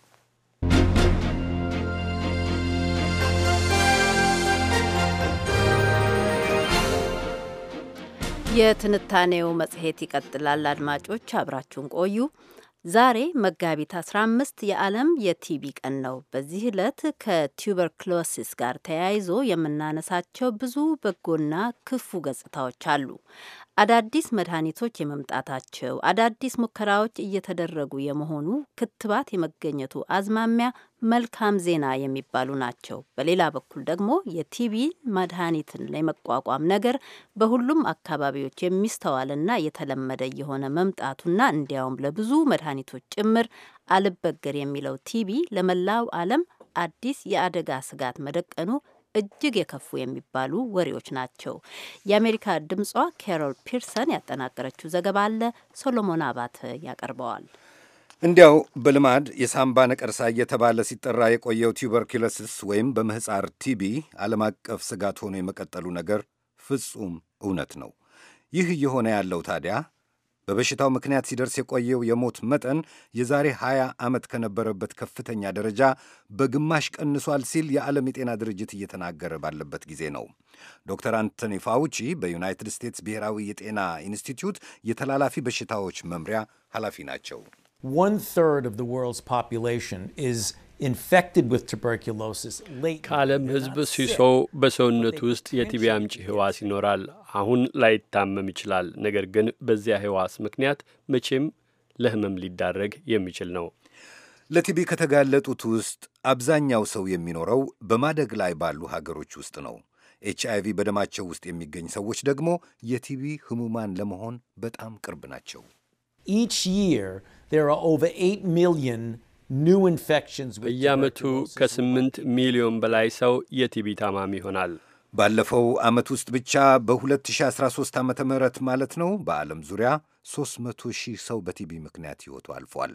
የትንታኔው መጽሔት ይቀጥላል። አድማጮች አብራችሁን ቆዩ። ዛሬ መጋቢት 15 የዓለም የቲቢ ቀን ነው። በዚህ ዕለት ከቱበርክሎሲስ ጋር ተያይዞ የምናነሳቸው ብዙ በጎና ክፉ ገጽታዎች አሉ። አዳዲስ መድኃኒቶች የመምጣታቸው፣ አዳዲስ ሙከራዎች እየተደረጉ የመሆኑ፣ ክትባት የመገኘቱ አዝማሚያ መልካም ዜና የሚባሉ ናቸው። በሌላ በኩል ደግሞ የቲቢ መድኃኒትን የመቋቋም ነገር በሁሉም አካባቢዎች የሚስተዋልና የተለመደ የሆነ መምጣቱና እንዲያውም ለብዙ መድኃኒቶች ጭምር አልበገር የሚለው ቲቢ ለመላው ዓለም አዲስ የአደጋ ስጋት መደቀኑ እጅግ የከፉ የሚባሉ ወሬዎች ናቸው። የአሜሪካ ድምጿ ካሮል ፒርሰን ያጠናቀረችው ዘገባ አለ። ሶሎሞን አባተ ያቀርበዋል። እንዲያው በልማድ የሳምባ ነቀርሳ እየተባለ ሲጠራ የቆየው ቱበርኪሎስስ ወይም በምህፃር ቲቢ ዓለም አቀፍ ስጋት ሆኖ የመቀጠሉ ነገር ፍጹም እውነት ነው። ይህ እየሆነ ያለው ታዲያ በበሽታው ምክንያት ሲደርስ የቆየው የሞት መጠን የዛሬ 20 ዓመት ከነበረበት ከፍተኛ ደረጃ በግማሽ ቀንሷል ሲል የዓለም የጤና ድርጅት እየተናገረ ባለበት ጊዜ ነው። ዶክተር አንቶኒ ፋውቺ በዩናይትድ ስቴትስ ብሔራዊ የጤና ኢንስቲትዩት የተላላፊ በሽታዎች መምሪያ ኃላፊ ናቸው። One ከዓለም ህዝብ ሲሶ በሰውነት ውስጥ የቲቢ አምጪ ህዋስ ይኖራል። አሁን ላይታመም ይችላል፣ ነገር ግን በዚያ ህዋስ ምክንያት መቼም ለህመም ሊዳረግ የሚችል ነው። ለቲቢ ከተጋለጡት ውስጥ አብዛኛው ሰው የሚኖረው በማደግ ላይ ባሉ ሀገሮች ውስጥ ነው። ኤች አይቪ በደማቸው ውስጥ የሚገኝ ሰዎች ደግሞ የቲቢ ህሙማን ለመሆን በጣም ቅርብ ናቸው። በየዓመቱ ከ8 ሚሊዮን በላይ ሰው የቲቢ ታማሚ ይሆናል። ባለፈው ዓመት ውስጥ ብቻ በ2013 ዓ ም ማለት ነው በዓለም ዙሪያ 300 ሺህ ሰው በቲቢ ምክንያት ሕይወቱ አልፏል።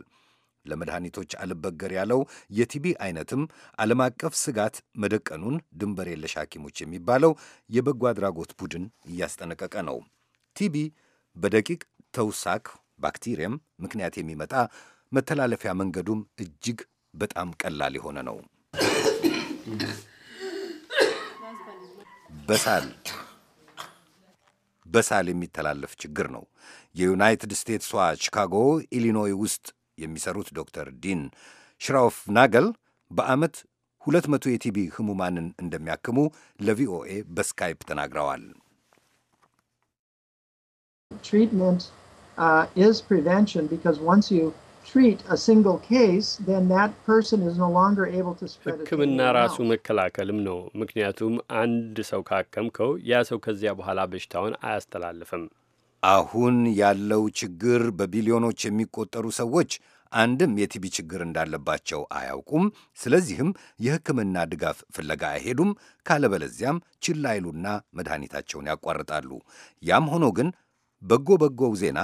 ለመድኃኒቶች አልበገር ያለው የቲቢ አይነትም ዓለም አቀፍ ስጋት መደቀኑን ድንበር የለሽ ሐኪሞች የሚባለው የበጎ አድራጎት ቡድን እያስጠነቀቀ ነው። ቲቢ በደቂቅ ተውሳክ ባክቴሪየም ምክንያት የሚመጣ መተላለፊያ መንገዱም እጅግ በጣም ቀላል የሆነ ነው። በሳል በሳል የሚተላለፍ ችግር ነው። የዩናይትድ ስቴትሷ ቺካጎ ኢሊኖይ ውስጥ የሚሰሩት ዶክተር ዲን ሽራውፍ ናገል በዓመት ሁለት መቶ የቲቢ ህሙማንን እንደሚያክሙ ለቪኦኤ በስካይፕ ተናግረዋል። ትሪትመንት ኢዝ ፕሪቨንሽን ቢካዝ ወንስ ዩ treat a single case, then that person is no longer able to spread it. ሕክምና ራሱ መከላከልም ነው። ምክንያቱም አንድ ሰው ካከምከው ያ ሰው ከዚያ በኋላ በሽታውን አያስተላልፍም። አሁን ያለው ችግር በቢሊዮኖች የሚቆጠሩ ሰዎች አንድም የቲቢ ችግር እንዳለባቸው አያውቁም። ስለዚህም የሕክምና ድጋፍ ፍለጋ አይሄዱም። ካለበለዚያም ችላ ይሉና መድኃኒታቸውን ያቋርጣሉ። ያም ሆኖ ግን በጎ በጎው ዜና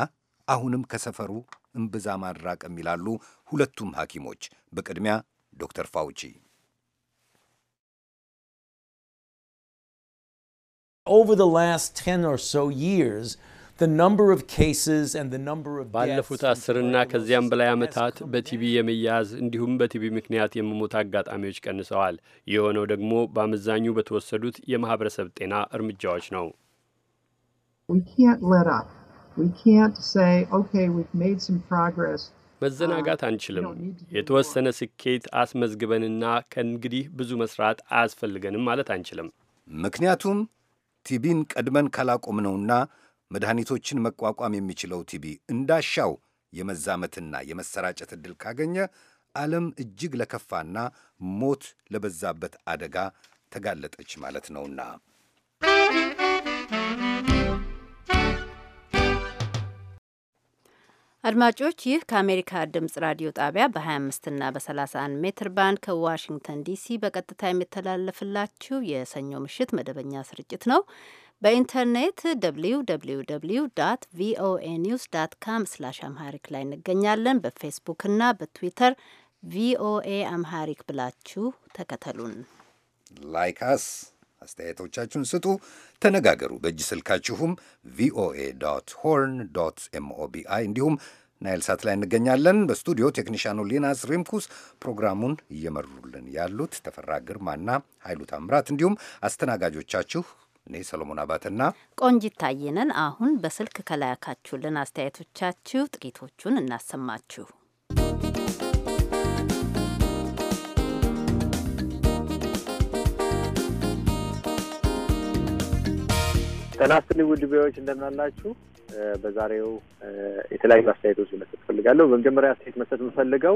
አሁንም ከሰፈሩ እምብዛ ማራቅም ይላሉ ሁለቱም ሐኪሞች። በቅድሚያ ዶክተር ፋውቺ ባለፉት አስርና ከዚያም በላይ ዓመታት በቲቢ የመያዝ እንዲሁም በቲቢ ምክንያት የመሞት አጋጣሚዎች ቀንሰዋል። የሆነው ደግሞ በአመዛኙ በተወሰዱት የማህበረሰብ ጤና እርምጃዎች ነው። መዘናጋት um, አንችልም። የተወሰነ ስኬት አስመዝግበንና ከእንግዲህ ብዙ መስራት አያስፈልገንም ማለት አንችልም። ምክንያቱም ቲቢን ቀድመን ካላቆም ነውና መድኃኒቶችን መቋቋም የሚችለው ቲቢ እንዳሻው የመዛመትና የመሰራጨት ዕድል ካገኘ ዓለም እጅግ ለከፋና ሞት ለበዛበት አደጋ ተጋለጠች ማለት ነውና አድማጮች ይህ ከአሜሪካ ድምጽ ራዲዮ ጣቢያ በ25 እና በ31 ሜትር ባንድ ከዋሽንግተን ዲሲ በቀጥታ የሚተላለፍላችሁ የሰኞ ምሽት መደበኛ ስርጭት ነው። በኢንተርኔት ደብልዩ ደብልዩ ደብልዩ ዳት ቪኦኤ ኒውስ ዳት ካም ስላሽ አምሃሪክ ላይ እንገኛለን። በፌስቡክና በትዊተር ቪኦኤ አምሃሪክ ብላችሁ ተከተሉን። ላይክ አስ አስተያየቶቻችሁን ስጡ፣ ተነጋገሩ። በእጅ ስልካችሁም ቪኦኤ ዶት ሆርን ዶት ኤምኦቢአይ እንዲሁም ናይል ሳት ላይ እንገኛለን። በስቱዲዮ ቴክኒሻኑ ሊናስ ሪምኩስ፣ ፕሮግራሙን እየመሩልን ያሉት ተፈራ ግርማና ኃይሉ ታምራት እንዲሁም አስተናጋጆቻችሁ እኔ ሰሎሞን አባተና ቆንጂት ታየነን። አሁን በስልክ ከላካችሁልን አስተያየቶቻችሁ ጥቂቶቹን እናሰማችሁ። ጤና ይስጥልኝ ውድ ቢዎች እንደምናላችሁ። በዛሬው የተለያዩ አስተያየቶች መስጠት ፈልጋለሁ። በመጀመሪያ አስተያየት መስጠት የምፈልገው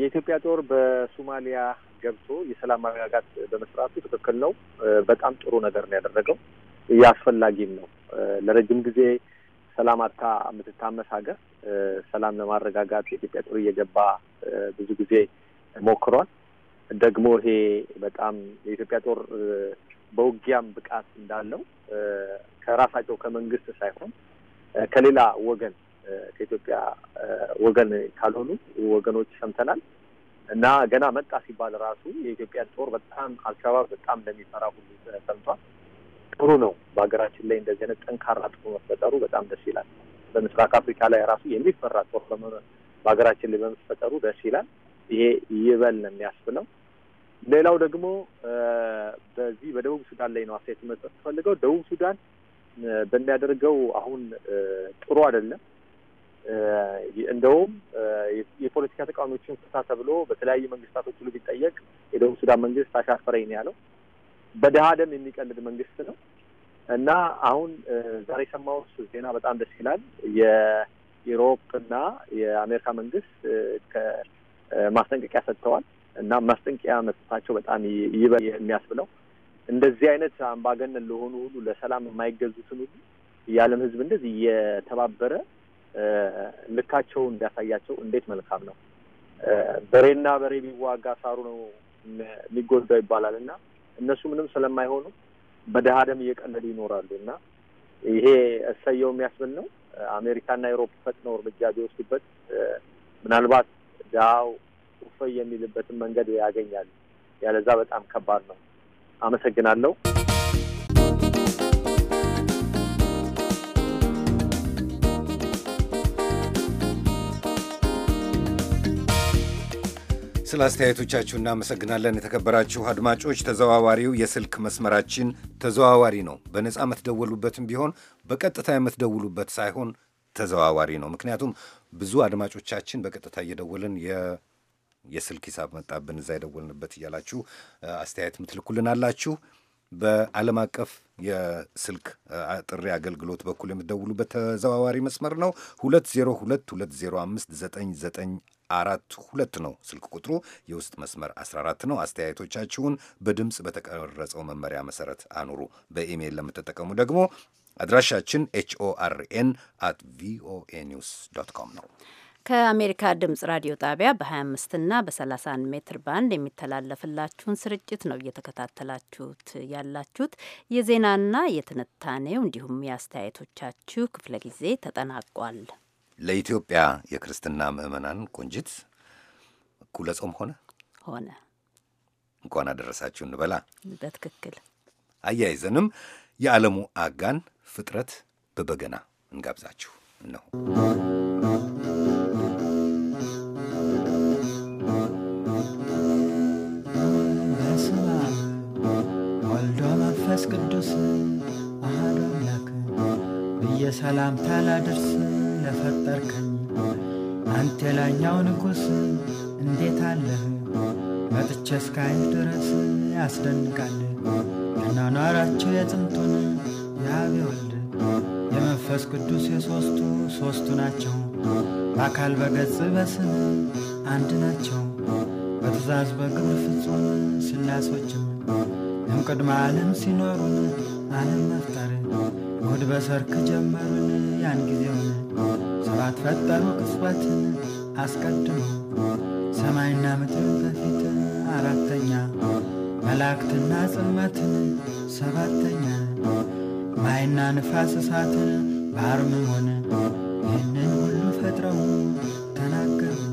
የኢትዮጵያ ጦር በሶማሊያ ገብቶ የሰላም ማረጋጋት በመስራቱ ትክክል ነው። በጣም ጥሩ ነገር ነው ያደረገው፣ እያስፈላጊም ነው። ለረጅም ጊዜ ሰላም አታ የምትታመስ ሀገር ሰላም ለማረጋጋት የኢትዮጵያ ጦር እየገባ ብዙ ጊዜ ሞክሯል። ደግሞ ይሄ በጣም የኢትዮጵያ ጦር በውጊያም ብቃት እንዳለው ከራሳቸው ከመንግስት ሳይሆን ከሌላ ወገን ከኢትዮጵያ ወገን ካልሆኑ ወገኖች ሰምተናል እና ገና መጣ ሲባል ራሱ የኢትዮጵያ ጦር በጣም አልሸባብ በጣም እንደሚፈራ ሁሉ ሰምቷል። ጥሩ ነው። በሀገራችን ላይ እንደዚህ አይነት ጠንካራ ጦር መፈጠሩ በጣም ደስ ይላል። በምስራቅ አፍሪካ ላይ ራሱ የሚፈራ ጦር በሀገራችን ላይ በመፈጠሩ ደስ ይላል። ይሄ ይበል ነው የሚያስብለው። ሌላው ደግሞ በዚህ በደቡብ ሱዳን ላይ ነው አስተያየት መስጠት ፈልገው። ደቡብ ሱዳን በሚያደርገው አሁን ጥሩ አይደለም። እንደውም የፖለቲካ ተቃዋሚዎችን ፍታ ተብሎ በተለያዩ መንግስታቶች ሁሉ ቢጠየቅ የደቡብ ሱዳን መንግስት አሻፈረኝ ነው ያለው። በድሃ ደም የሚቀልድ መንግስት ነው እና አሁን ዛሬ የሰማሁት ዜና በጣም ደስ ይላል። የኢሮፕ እና የአሜሪካ መንግስት ማስጠንቀቂያ ሰጥተዋል። እና ማስጠንቀቂያ መስጠታቸው በጣም ይበ የሚያስብለው እንደዚህ አይነት አምባገነን ለሆኑ ሁሉ ለሰላም የማይገዙትን ሁሉ የዓለም ሕዝብ እንደዚህ እየተባበረ ልካቸውን እንዲያሳያቸው እንዴት መልካም ነው። በሬና በሬ ቢዋጋ ሳሩ ነው የሚጎዳው ይባላል እና እነሱ ምንም ስለማይሆኑ በደሃ ደም እየቀለዱ ይኖራሉ እና ይሄ እሰየው የሚያስብል ነው። አሜሪካና ኤሮፕ ፈጥነው እርምጃ ቢወስዱበት ምናልባት ድሃው እፎይ የሚልበትን መንገድ ያገኛል ያለዛ በጣም ከባድ ነው። አመሰግናለሁ። ስለ አስተያየቶቻችሁ እናመሰግናለን። የተከበራችሁ አድማጮች፣ ተዘዋዋሪው የስልክ መስመራችን ተዘዋዋሪ ነው። በነፃ የምትደውሉበትም ቢሆን በቀጥታ የምትደውሉበት ሳይሆን ተዘዋዋሪ ነው። ምክንያቱም ብዙ አድማጮቻችን በቀጥታ እየደወልን የስልክ ሂሳብ መጣብን እዛ የደወልንበት እያላችሁ አስተያየት ምትልኩልን አላችሁ። በዓለም አቀፍ የስልክ ጥሪ አገልግሎት በኩል የምትደውሉበት ተዘዋዋሪ መስመር ነው 20220599 አራት ሁለት ነው ስልክ ቁጥሩ። የውስጥ መስመር 14 ነው። አስተያየቶቻችሁን በድምፅ በተቀረጸው መመሪያ መሰረት አኑሩ። በኢሜይል ለምትጠቀሙ ደግሞ አድራሻችን ኤችኦአርኤን አት ቪኦኤ ኒውስ ዶት ኮም ነው። ከአሜሪካ ድምጽ ራዲዮ ጣቢያ በ25 እና በ31 ሜትር ባንድ የሚተላለፍላችሁን ስርጭት ነው እየተከታተላችሁት ያላችሁት። የዜናና የትንታኔው እንዲሁም የአስተያየቶቻችሁ ክፍለ ጊዜ ተጠናቋል። ለኢትዮጵያ የክርስትና ምዕመናን ቆንጅት እኩለ ጾም ሆነ ሆነ እንኳን አደረሳችሁ እንበላ። በትክክል አያይዘንም የዓለሙ አጋን ፍጥረት በበገና እንጋብዛችሁ ነው። መንፈስ ቅዱስ አሐዱ አምላክ ብዬ ሰላምታ ላድርስ ለፈጠርከኝ አንተ የላይኛው ንጉሥ እንዴት አለህ? መጥቼ እስካይህ ድረስ ያስደንቃል አኗኗራቸው የጥንቱን የአብ ወልድ የመንፈስ ቅዱስ የሦስቱ ሦስቱ ናቸው። በአካል በገጽ በስም አንድ ናቸው። በትእዛዝ በግብር ፍጹም ስላሶችም እምቅድመ ዓለም ሲኖሩን ዓለም መፍጠርን እሑድ በሰርክ ጀመሩን ያን ጊዜውን ሰባት ፈጠሩ ቅጽበትን አስቀድሞ ሰማይና ምድር በፊት አራተኛ መላእክትና ጽልመትን ሰባተኛ ማይና ንፋስ እሳትን ባሕርም ሆነ ይህንን ሁሉ ፈጥረው ተናገሩን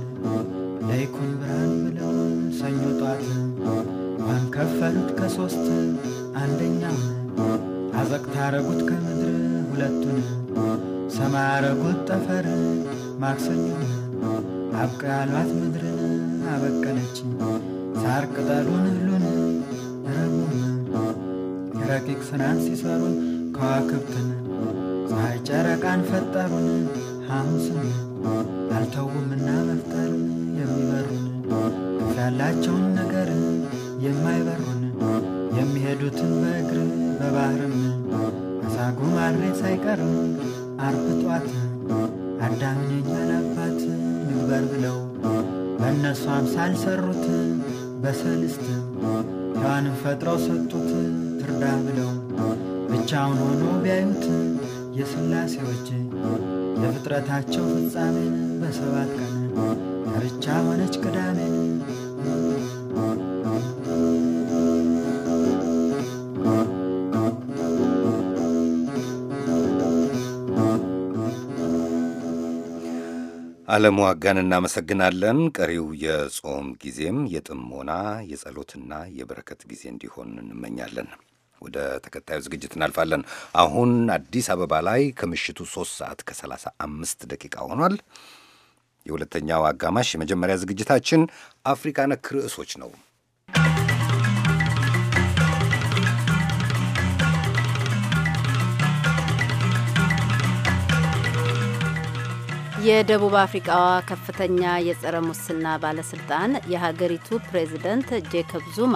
ለይኩን ብርሃን ብለው ሰኞ ጧትን ውሃን ከፈሉት ከሶስት አንደኛ አዘቅታ አረጉት ከምድር ሁለቱን ሰማይ አረጉት ጠፈር ማክሰኞ አብቃ ያሏት ምድርን አበቀለች ሳር ቅጠሉን እህሉን ረቡን ረቂቅ ስራን ሲሰሩ ከዋክብትን ፀሐይ ጨረቃን ፈጠሩን ሐሙስን አልተውምና መፍጠር የሚበሩን ያላቸውን ነገር የማይበሩን የሚሄዱትን በእግር በባህርም ከሳጉ ማሬ ሳይቀርም አርብጧት ጧት አዳምን ንግበር ብለው በእነሱ አምሳል ሰሩት በሰልስት ሔዋንን ፈጥረው ሰጡት ትርዳ ብለው ብቻውን ሆኖ ቢያዩት የስላሴዎች የፍጥረታቸው ፍጻሜን በሰባት ቀን ዳርቻ ሆነች ቅዳሜን አለም ዋጋን እናመሰግናለን። ቀሪው የጾም ጊዜም የጥሞና የጸሎትና የበረከት ጊዜ እንዲሆን እንመኛለን። ወደ ተከታዩ ዝግጅት እናልፋለን። አሁን አዲስ አበባ ላይ ከምሽቱ ሶስት ሰዓት ከሰላሳ አምስት ደቂቃ ሆኗል። የሁለተኛው አጋማሽ የመጀመሪያ ዝግጅታችን አፍሪካ ነክ ርዕሶች ነው። የደቡብ አፍሪቃዋ ከፍተኛ የጸረ ሙስና ባለስልጣን የሀገሪቱ ፕሬዚደንት ጄኮብ ዙማ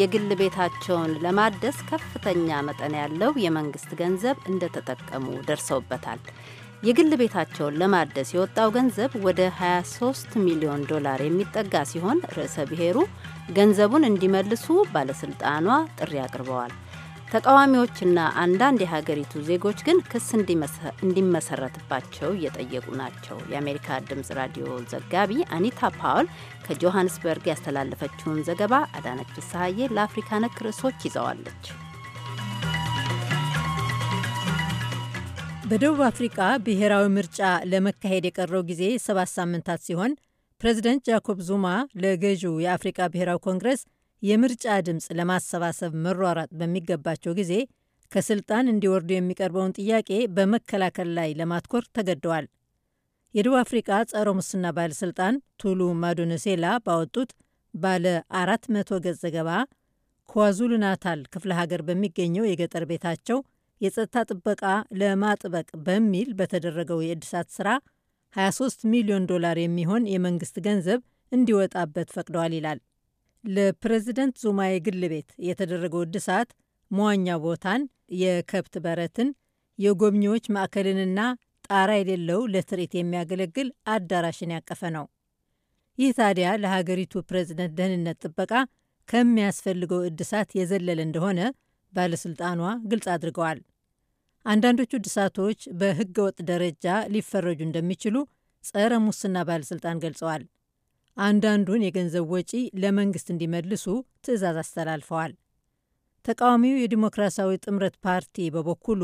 የግል ቤታቸውን ለማደስ ከፍተኛ መጠን ያለው የመንግስት ገንዘብ እንደተጠቀሙ ደርሰውበታል። የግል ቤታቸውን ለማደስ የወጣው ገንዘብ ወደ 23 ሚሊዮን ዶላር የሚጠጋ ሲሆን ርዕሰ ብሔሩ ገንዘቡን እንዲመልሱ ባለስልጣኗ ጥሪ አቅርበዋል። ተቃዋሚዎችና አንዳንድ የሀገሪቱ ዜጎች ግን ክስ እንዲመሰረትባቸው እየጠየቁ ናቸው። የአሜሪካ ድምጽ ራዲዮ ዘጋቢ አኒታ ፓውል ከጆሃንስበርግ ያስተላለፈችውን ዘገባ አዳነች ፍስሀዬ ለአፍሪካ ነክ ርዕሶች ይዘዋለች። በደቡብ አፍሪቃ ብሔራዊ ምርጫ ለመካሄድ የቀረው ጊዜ ሰባት ሳምንታት ሲሆን ፕሬዚደንት ጃኮብ ዙማ ለገዢው የአፍሪቃ ብሔራዊ ኮንግረስ የምርጫ ድምፅ ለማሰባሰብ መሯራጥ በሚገባቸው ጊዜ ከስልጣን እንዲወርዱ የሚቀርበውን ጥያቄ በመከላከል ላይ ለማትኮር ተገደዋል። የደቡብ አፍሪቃ ጸረ ሙስና ባለሥልጣን ቱሉ ማዶነሴላ ባወጡት ባለ መቶ ገጽ ዘገባ ኳዙሉ ናታል ክፍለ ሀገር በሚገኘው የገጠር ቤታቸው የጸጥታ ጥበቃ ለማጥበቅ በሚል በተደረገው የእድሳት ስራ 23 ሚሊዮን ዶላር የሚሆን የመንግስት ገንዘብ እንዲወጣበት ፈቅደዋል ይላል። ለፕሬዝደንት ዙማ የግል ቤት የተደረገው እድሳት መዋኛ ቦታን፣ የከብት በረትን፣ የጎብኚዎች ማዕከልንና ጣራ የሌለው ለትርኢት የሚያገለግል አዳራሽን ያቀፈ ነው። ይህ ታዲያ ለሀገሪቱ ፕሬዝደንት ደህንነት ጥበቃ ከሚያስፈልገው እድሳት የዘለለ እንደሆነ ባለሥልጣኗ ግልጽ አድርገዋል። አንዳንዶቹ እድሳቶች በሕገ ወጥ ደረጃ ሊፈረጁ እንደሚችሉ ጸረ ሙስና ባለሥልጣን ገልጸዋል። አንዳንዱን የገንዘብ ወጪ ለመንግስት እንዲመልሱ ትዕዛዝ አስተላልፈዋል። ተቃዋሚው የዲሞክራሲያዊ ጥምረት ፓርቲ በበኩሉ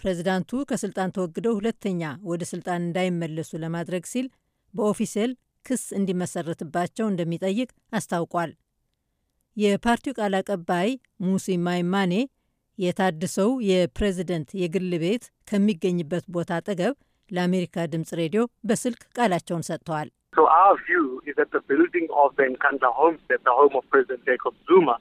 ፕሬዚዳንቱ ከስልጣን ተወግደው ሁለተኛ ወደ ስልጣን እንዳይመለሱ ለማድረግ ሲል በኦፊሴል ክስ እንዲመሰረትባቸው እንደሚጠይቅ አስታውቋል። የፓርቲው ቃል አቀባይ ሙሲ ማይማኔ የታድሰው የፕሬዝደንት የግል ቤት ከሚገኝበት ቦታ አጠገብ ለአሜሪካ ድምፅ ሬዲዮ በስልክ ቃላቸውን ሰጥተዋል። So our view is that the building of the Nkandla homestead, the home of President Jacob Zuma,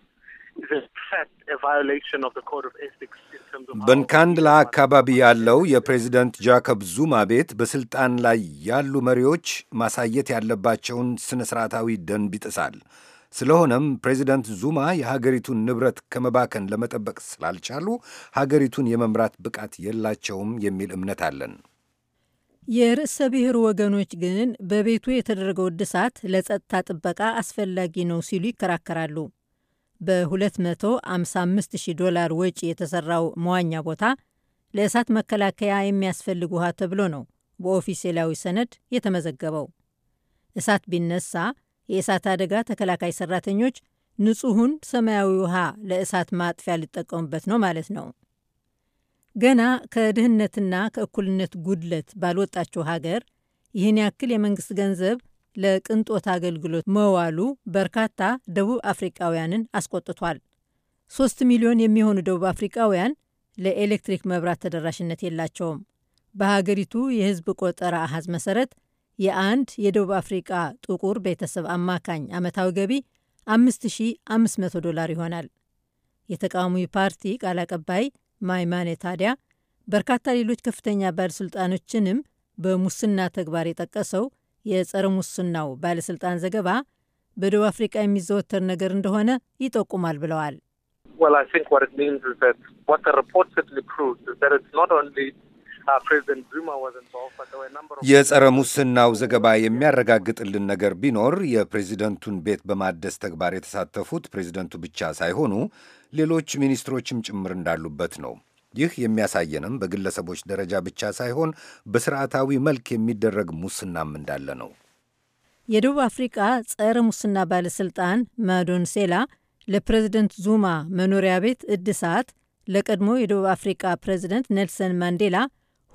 is in fact a violation of the code of ethics in terms of... በንካንድላ አካባቢ ያለው የፕሬዚደንት ጃኮብ ዙማ ቤት በስልጣን ላይ ያሉ መሪዎች ማሳየት ያለባቸውን ስነ ስርዓታዊ ደንብ ይጥሳል። ስለሆነም ፕሬዚደንት ዙማ የሀገሪቱን ንብረት ከመባከን ለመጠበቅ ስላልቻሉ ሀገሪቱን የመምራት ብቃት የላቸውም የሚል እምነት አለን። የርዕሰ ብሔር ወገኖች ግን በቤቱ የተደረገው እድሳት ለጸጥታ ጥበቃ አስፈላጊ ነው ሲሉ ይከራከራሉ። በ255000 ዶላር ወጪ የተሰራው መዋኛ ቦታ ለእሳት መከላከያ የሚያስፈልግ ውሃ ተብሎ ነው በኦፊሴላዊ ሰነድ የተመዘገበው። እሳት ቢነሳ የእሳት አደጋ ተከላካይ ሰራተኞች ንጹሑን ሰማያዊ ውሃ ለእሳት ማጥፊያ ሊጠቀሙበት ነው ማለት ነው። ገና ከድህነትና ከእኩልነት ጉድለት ባልወጣችው ሀገር ይህን ያክል የመንግስት ገንዘብ ለቅንጦት አገልግሎት መዋሉ በርካታ ደቡብ አፍሪቃውያንን አስቆጥቷል። ሶስት ሚሊዮን የሚሆኑ ደቡብ አፍሪቃውያን ለኤሌክትሪክ መብራት ተደራሽነት የላቸውም። በሀገሪቱ የህዝብ ቆጠራ አሃዝ መሰረት የአንድ የደቡብ አፍሪቃ ጥቁር ቤተሰብ አማካኝ ዓመታዊ ገቢ 5500 ዶላር ይሆናል። የተቃዋሚ ፓርቲ ቃል አቀባይ ማይማኔ ታዲያ በርካታ ሌሎች ከፍተኛ ባለሥልጣኖችንም በሙስና ተግባር የጠቀሰው የጸረ ሙስናው ባለሥልጣን ዘገባ በደቡብ አፍሪቃ የሚዘወተር ነገር እንደሆነ ይጠቁማል ብለዋል። Uh, የጸረ ሙስናው ዘገባ የሚያረጋግጥልን ነገር ቢኖር የፕሬዚደንቱን ቤት በማደስ ተግባር የተሳተፉት ፕሬዚደንቱ ብቻ ሳይሆኑ ሌሎች ሚኒስትሮችም ጭምር እንዳሉበት ነው። ይህ የሚያሳየንም በግለሰቦች ደረጃ ብቻ ሳይሆን በስርዓታዊ መልክ የሚደረግ ሙስናም እንዳለ ነው። የደቡብ አፍሪቃ ጸረ ሙስና ባለሥልጣን ማዶንሴላ ለፕሬዚደንት ዙማ መኖሪያ ቤት እድሳት ለቀድሞ የደቡብ አፍሪቃ ፕሬዚደንት ኔልሰን ማንዴላ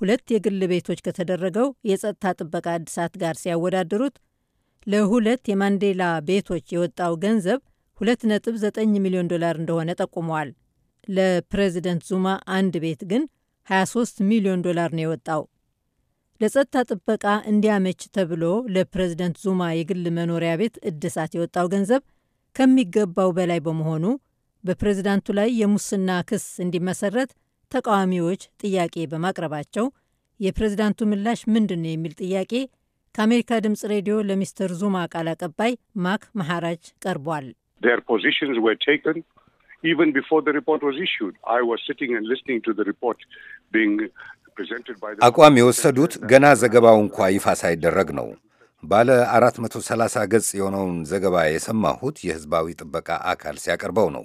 ሁለት የግል ቤቶች ከተደረገው የጸጥታ ጥበቃ እድሳት ጋር ሲያወዳደሩት ለሁለት የማንዴላ ቤቶች የወጣው ገንዘብ 2.9 ሚሊዮን ዶላር እንደሆነ ጠቁመዋል። ለፕሬዚደንት ዙማ አንድ ቤት ግን 23 ሚሊዮን ዶላር ነው የወጣው። ለጸጥታ ጥበቃ እንዲያመች ተብሎ ለፕሬዚደንት ዙማ የግል መኖሪያ ቤት እድሳት የወጣው ገንዘብ ከሚገባው በላይ በመሆኑ በፕሬዚዳንቱ ላይ የሙስና ክስ እንዲመሰረት ተቃዋሚዎች ጥያቄ በማቅረባቸው የፕሬዝዳንቱ ምላሽ ምንድን ነው የሚል ጥያቄ ከአሜሪካ ድምፅ ሬዲዮ ለሚስተር ዙማ ቃል አቀባይ ማክ መሐራጅ ቀርቧል። አቋም የወሰዱት ገና ዘገባው እንኳ ይፋ ሳይደረግ ነው። ባለ 430 ገጽ የሆነውን ዘገባ የሰማሁት የሕዝባዊ ጥበቃ አካል ሲያቀርበው ነው።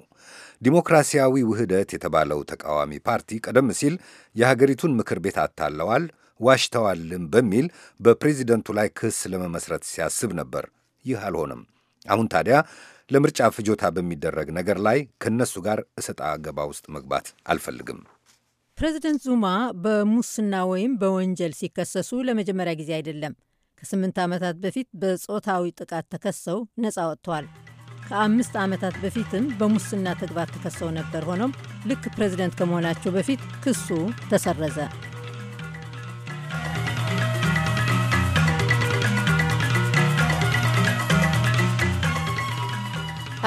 ዲሞክራሲያዊ ውህደት የተባለው ተቃዋሚ ፓርቲ ቀደም ሲል የሀገሪቱን ምክር ቤት አታለዋል፣ ዋሽተዋልም በሚል በፕሬዚደንቱ ላይ ክስ ለመመስረት ሲያስብ ነበር። ይህ አልሆነም። አሁን ታዲያ ለምርጫ ፍጆታ በሚደረግ ነገር ላይ ከነሱ ጋር እሰጣ ገባ ውስጥ መግባት አልፈልግም። ፕሬዚደንት ዙማ በሙስና ወይም በወንጀል ሲከሰሱ ለመጀመሪያ ጊዜ አይደለም። ከስምንት ዓመታት በፊት በጾታዊ ጥቃት ተከሰው ነፃ ወጥተዋል። ከአምስት ዓመታት በፊትም በሙስና ተግባር ተከሰው ነበር። ሆኖም ልክ ፕሬዚደንት ከመሆናቸው በፊት ክሱ ተሰረዘ።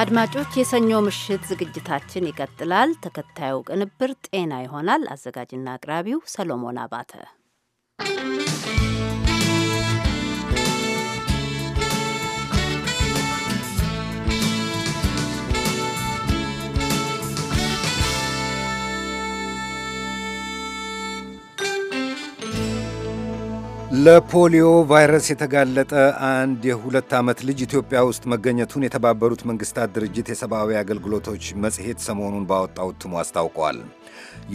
አድማጮች፣ የሰኞ ምሽት ዝግጅታችን ይቀጥላል። ተከታዩ ቅንብር ጤና ይሆናል። አዘጋጅና አቅራቢው ሰሎሞን አባተ ለፖሊዮ ቫይረስ የተጋለጠ አንድ የሁለት ዓመት ልጅ ኢትዮጵያ ውስጥ መገኘቱን የተባበሩት መንግስታት ድርጅት የሰብአዊ አገልግሎቶች መጽሔት ሰሞኑን ባወጣው እትሙ አስታውቋል።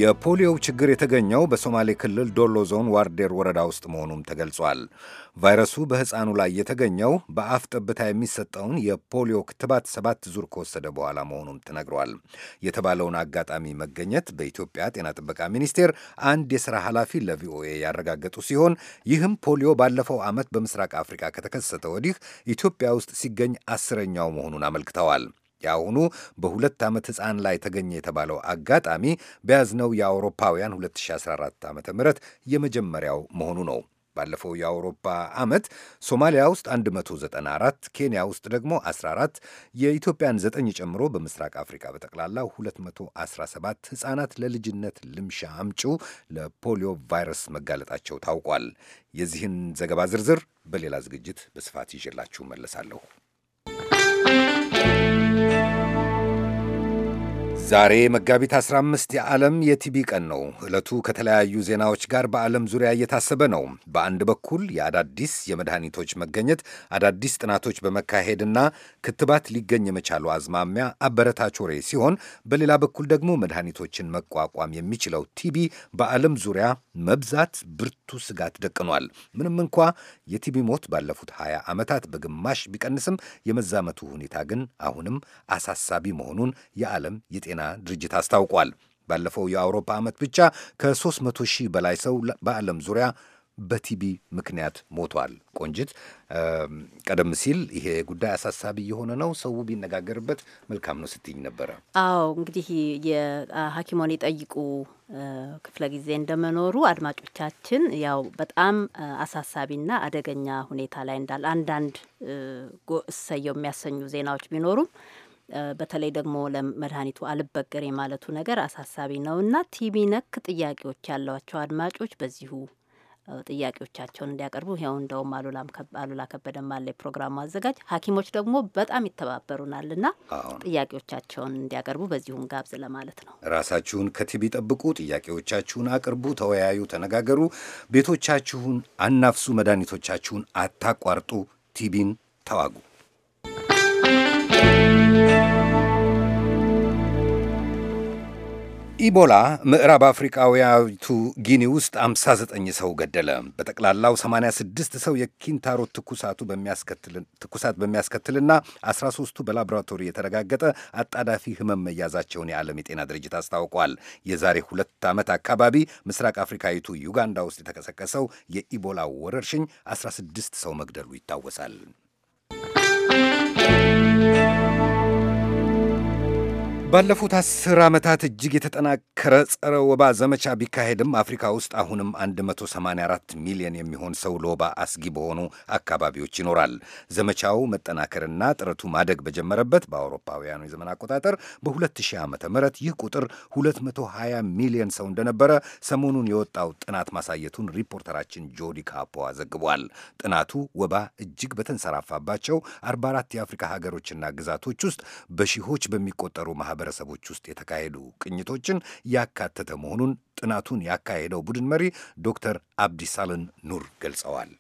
የፖሊዮው ችግር የተገኘው በሶማሌ ክልል ዶሎ ዞን ዋርዴር ወረዳ ውስጥ መሆኑም ተገልጿል። ቫይረሱ በሕፃኑ ላይ የተገኘው በአፍ ጠብታ የሚሰጠውን የፖሊዮ ክትባት ሰባት ዙር ከወሰደ በኋላ መሆኑም ተነግሯል። የተባለውን አጋጣሚ መገኘት በኢትዮጵያ ጤና ጥበቃ ሚኒስቴር አንድ የሥራ ኃላፊ ለቪኦኤ ያረጋገጡ ሲሆን ይህም ፖሊዮ ባለፈው ዓመት በምስራቅ አፍሪካ ከተከሰተ ወዲህ ኢትዮጵያ ውስጥ ሲገኝ አስረኛው መሆኑን አመልክተዋል። የአሁኑ በሁለት ዓመት ሕፃን ላይ ተገኘ የተባለው አጋጣሚ በያዝነው የአውሮፓውያን 2014 ዓ ም የመጀመሪያው መሆኑ ነው። ባለፈው የአውሮፓ ዓመት ሶማሊያ ውስጥ 194፣ ኬንያ ውስጥ ደግሞ 14፣ የኢትዮጵያን ዘጠኝ ጨምሮ በምስራቅ አፍሪካ በጠቅላላ 217 ሕፃናት ለልጅነት ልምሻ አምጪ ለፖሊዮ ቫይረስ መጋለጣቸው ታውቋል። የዚህን ዘገባ ዝርዝር በሌላ ዝግጅት በስፋት ይዤላችሁ መለሳለሁ። ዛሬ መጋቢት 15 የዓለም የቲቢ ቀን ነው። ዕለቱ ከተለያዩ ዜናዎች ጋር በዓለም ዙሪያ እየታሰበ ነው። በአንድ በኩል የአዳዲስ የመድኃኒቶች መገኘት አዳዲስ ጥናቶች በመካሄድና ክትባት ሊገኝ የመቻሉ አዝማሚያ አበረታች ወሬ ሲሆን፣ በሌላ በኩል ደግሞ መድኃኒቶችን መቋቋም የሚችለው ቲቢ በዓለም ዙሪያ መብዛት ብርቱ ስጋት ደቅኗል። ምንም እንኳ የቲቢ ሞት ባለፉት 20 ዓመታት በግማሽ ቢቀንስም የመዛመቱ ሁኔታ ግን አሁንም አሳሳቢ መሆኑን የዓለም የጤና ጤና ድርጅት አስታውቋል። ባለፈው የአውሮፓ ዓመት ብቻ ከ300 ሺህ በላይ ሰው በዓለም ዙሪያ በቲቢ ምክንያት ሞቷል። ቆንጅት፣ ቀደም ሲል ይሄ ጉዳይ አሳሳቢ የሆነ ነው፣ ሰው ቢነጋገርበት መልካም ነው ስትኝ ነበረ። አዎ እንግዲህ የሐኪሞን የጠይቁ ክፍለ ጊዜ እንደመኖሩ አድማጮቻችን ያው በጣም አሳሳቢና አደገኛ ሁኔታ ላይ እንዳለ አንዳንድ እሰየው የሚያሰኙ ዜናዎች ቢኖሩም በተለይ ደግሞ ለመድኃኒቱ አልበገሬ ማለቱ ነገር አሳሳቢ ነው እና ቲቢ ነክ ጥያቄዎች ያሏቸው አድማጮች በዚሁ ጥያቄዎቻቸውን እንዲያቀርቡ ይኸው እንደውም አሉላ ከበደም አለ የፕሮግራሙ አዘጋጅ። ሐኪሞች ደግሞ በጣም ይተባበሩናል እና ጥያቄዎቻቸውን እንዲያቀርቡ በዚሁም ጋብዝ ለማለት ነው። ራሳችሁን ከቲቢ ጠብቁ፣ ጥያቄዎቻችሁን አቅርቡ፣ ተወያዩ፣ ተነጋገሩ፣ ቤቶቻችሁን አናፍሱ፣ መድኃኒቶቻችሁን አታቋርጡ፣ ቲቢን ተዋጉ። ኢቦላ ምዕራብ አፍሪካዊቱ ጊኒ ውስጥ 59 ሰው ገደለ። በጠቅላላው 86 ሰው የኪንታሮት ትኩሳቱ ትኩሳት በሚያስከትልና 13ቱ በላቦራቶሪ የተረጋገጠ አጣዳፊ ህመም መያዛቸውን የዓለም የጤና ድርጅት አስታውቋል። የዛሬ ሁለት ዓመት አካባቢ ምስራቅ አፍሪካዊቱ ዩጋንዳ ውስጥ የተቀሰቀሰው የኢቦላ ወረርሽኝ 16 ሰው መግደሉ ይታወሳል። ባለፉት አስር ዓመታት እጅግ የተጠናከረ ጸረ ወባ ዘመቻ ቢካሄድም አፍሪካ ውስጥ አሁንም 184 ሚሊዮን የሚሆን ሰው ለወባ አስጊ በሆኑ አካባቢዎች ይኖራል። ዘመቻው መጠናከርና ጥረቱ ማደግ በጀመረበት በአውሮፓውያኑ የዘመን አቆጣጠር በ2000 ዓ ም ይህ ቁጥር 220 ሚሊዮን ሰው እንደነበረ ሰሞኑን የወጣው ጥናት ማሳየቱን ሪፖርተራችን ጆዲ ካፖ ዘግቧል። ጥናቱ ወባ እጅግ በተንሰራፋባቸው 44 የአፍሪካ ሀገሮችና ግዛቶች ውስጥ በሺዎች በሚቆጠሩ ማህበረሰቦች ውስጥ የተካሄዱ ቅኝቶችን ያካተተ መሆኑን ጥናቱን ያካሄደው ቡድን መሪ ዶክተር አብዲሳልን ኑር ገልጸዋል።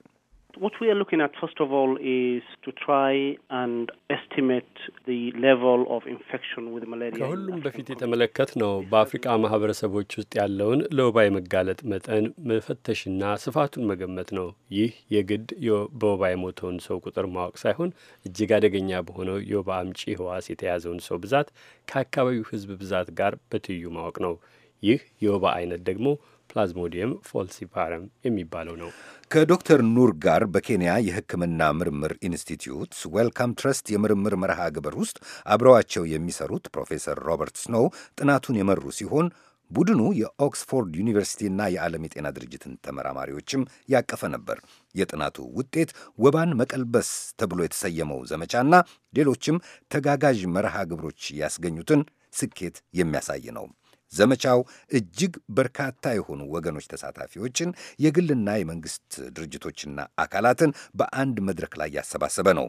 What we are looking at, first of all, is to try and estimate the level of infection with malaria. ከሁሉም በፊት የተመለከት ነው በአፍሪቃ ማህበረሰቦች ውስጥ ያለውን ለወባ የመጋለጥ መጠን መፈተሽና ስፋቱን መገመት ነው። ይህ የግድ በወባ የሞተውን ሰው ቁጥር ማወቅ ሳይሆን እጅግ አደገኛ በሆነው የወባ አምጪ ህዋስ የተያዘውን ሰው ብዛት ከአካባቢው ህዝብ ብዛት ጋር በትዩ ማወቅ ነው። ይህ የወባ አይነት ደግሞ ፕላዝሞዲየም ፎልሲፓረም የሚባለው ነው። ከዶክተር ኑር ጋር በኬንያ የሕክምና ምርምር ኢንስቲትዩት ዌልካም ትረስት የምርምር መርሃ ግብር ውስጥ አብረዋቸው የሚሰሩት ፕሮፌሰር ሮበርት ስኖው ጥናቱን የመሩ ሲሆን ቡድኑ የኦክስፎርድ ዩኒቨርሲቲና የዓለም የጤና ድርጅትን ተመራማሪዎችም ያቀፈ ነበር። የጥናቱ ውጤት ወባን መቀልበስ ተብሎ የተሰየመው ዘመቻና ሌሎችም ተጋጋዥ መርሃ ግብሮች ያስገኙትን ስኬት የሚያሳይ ነው። ዘመቻው እጅግ በርካታ የሆኑ ወገኖች ተሳታፊዎችን፣ የግልና የመንግሥት ድርጅቶችና አካላትን በአንድ መድረክ ላይ ያሰባሰበ ነው።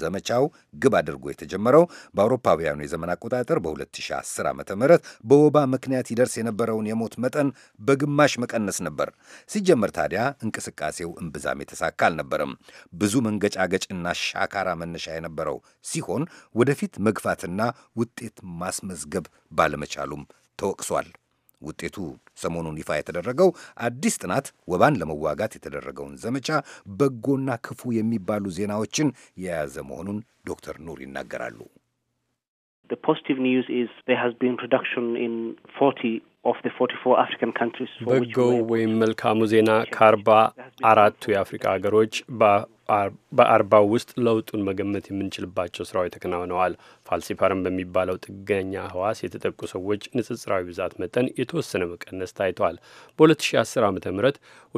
ዘመቻው ግብ አድርጎ የተጀመረው በአውሮፓውያኑ የዘመን አቆጣጠር በ2010 ዓ ም በወባ ምክንያት ይደርስ የነበረውን የሞት መጠን በግማሽ መቀነስ ነበር። ሲጀመር ታዲያ እንቅስቃሴው እምብዛም የተሳካ አልነበረም። ብዙ መንገጫገጭና ሻካራ መነሻ የነበረው ሲሆን ወደፊት መግፋትና ውጤት ማስመዝገብ ባለመቻሉም ተወቅሷል። ውጤቱ ሰሞኑን ይፋ የተደረገው አዲስ ጥናት ወባን ለመዋጋት የተደረገውን ዘመቻ በጎና ክፉ የሚባሉ ዜናዎችን የያዘ መሆኑን ዶክተር ኑር ይናገራሉ። በጎው ወይም መልካሙ ዜና ከአርባ አራቱ የአፍሪካ ሀገሮች በአርባው ውስጥ ለውጡን መገመት የምንችልባቸው ስራዎች ተከናውነዋል። ፋልሲፈረም በሚባለው ጥገኛ ህዋስ የተጠቁ ሰዎች ንጽጽራዊ ብዛት መጠን የተወሰነ መቀነስ ታይተዋል በ በ2010 ዓ ም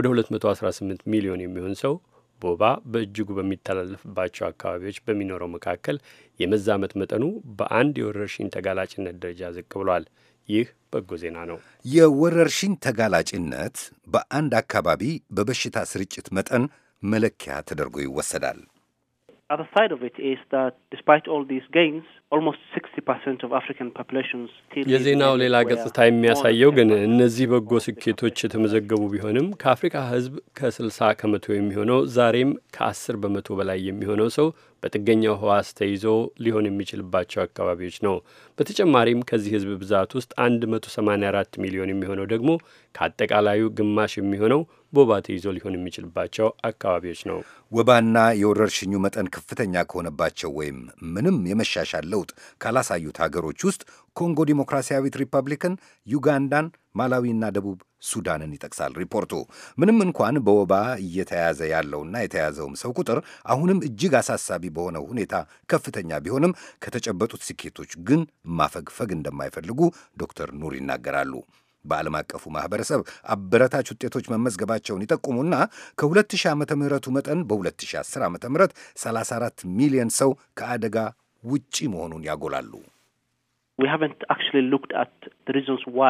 ወደ 218 ሚሊዮን የሚሆን ሰው ቦባ በእጅጉ በሚተላለፍባቸው አካባቢዎች በሚኖረው መካከል የመዛመት መጠኑ በአንድ የወረርሽኝ ተጋላጭነት ደረጃ ዝቅ ብሏል። ይህ በጎ ዜና ነው። የወረርሽኝ ተጋላጭነት በአንድ አካባቢ በበሽታ ስርጭት መጠን መለኪያ ተደርጎ ይወሰዳል። የዜናው ሌላ ገጽታ የሚያሳየው ግን እነዚህ በጎ ስኬቶች የተመዘገቡ ቢሆንም ከአፍሪካ ሕዝብ ከስልሳ ከመቶ የሚሆነው ዛሬም ከአስር በመቶ በላይ የሚሆነው ሰው በጥገኛው ህዋስ ተይዞ ሊሆን የሚችልባቸው አካባቢዎች ነው። በተጨማሪም ከዚህ ሕዝብ ብዛት ውስጥ 184 ሚሊዮን የሚሆነው ደግሞ ከአጠቃላዩ ግማሽ የሚሆነው ወባ ተይዞ ሊሆን የሚችልባቸው አካባቢዎች ነው። ወባና የወረርሽኙ መጠን ከፍተኛ ከሆነባቸው ወይም ምንም የመሻሻል ለውጥ ካላሳዩት ሀገሮች ውስጥ ኮንጎ ዲሞክራሲያዊት ሪፐብሊክን፣ ዩጋንዳን፣ ማላዊና ደቡብ ሱዳንን ይጠቅሳል ሪፖርቱ። ምንም እንኳን በወባ እየተያዘ ያለውና የተያዘውም ሰው ቁጥር አሁንም እጅግ አሳሳቢ በሆነው ሁኔታ ከፍተኛ ቢሆንም ከተጨበጡት ስኬቶች ግን ማፈግፈግ እንደማይፈልጉ ዶክተር ኑር ይናገራሉ። በዓለም አቀፉ ማህበረሰብ አበረታች ውጤቶች መመዝገባቸውን ይጠቁሙና ከ2000 ዓ ምህረቱ መጠን በ2010 ዓ ም 34 ሚሊዮን ሰው ከአደጋ ውጪ መሆኑን ያጎላሉ። We haven't actually looked at the reasons why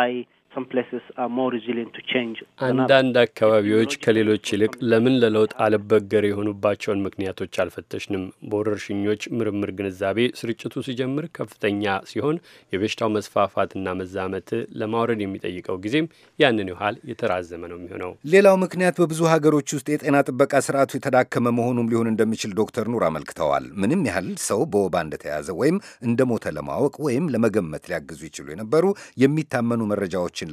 አንዳንድ አካባቢዎች ከሌሎች ይልቅ ለምን ለለውጥ አልበገር የሆኑባቸውን ምክንያቶች አልፈተሽንም። በወረርሽኞች ምርምር ግንዛቤ ስርጭቱ ሲጀምር ከፍተኛ ሲሆን የበሽታው መስፋፋትና መዛመት ለማውረድ የሚጠይቀው ጊዜም ያንን ያህል የተራዘመ ነው የሚሆነው። ሌላው ምክንያት በብዙ ሀገሮች ውስጥ የጤና ጥበቃ ስርዓቱ የተዳከመ መሆኑም ሊሆን እንደሚችል ዶክተር ኑር አመልክተዋል። ምንም ያህል ሰው በወባ እንደተያዘ ወይም እንደሞተ ለማወቅ ወይም ለመገመት ሊያግዙ ይችሉ የነበሩ የሚታመኑ መረጃዎችን መድኃኒቶችን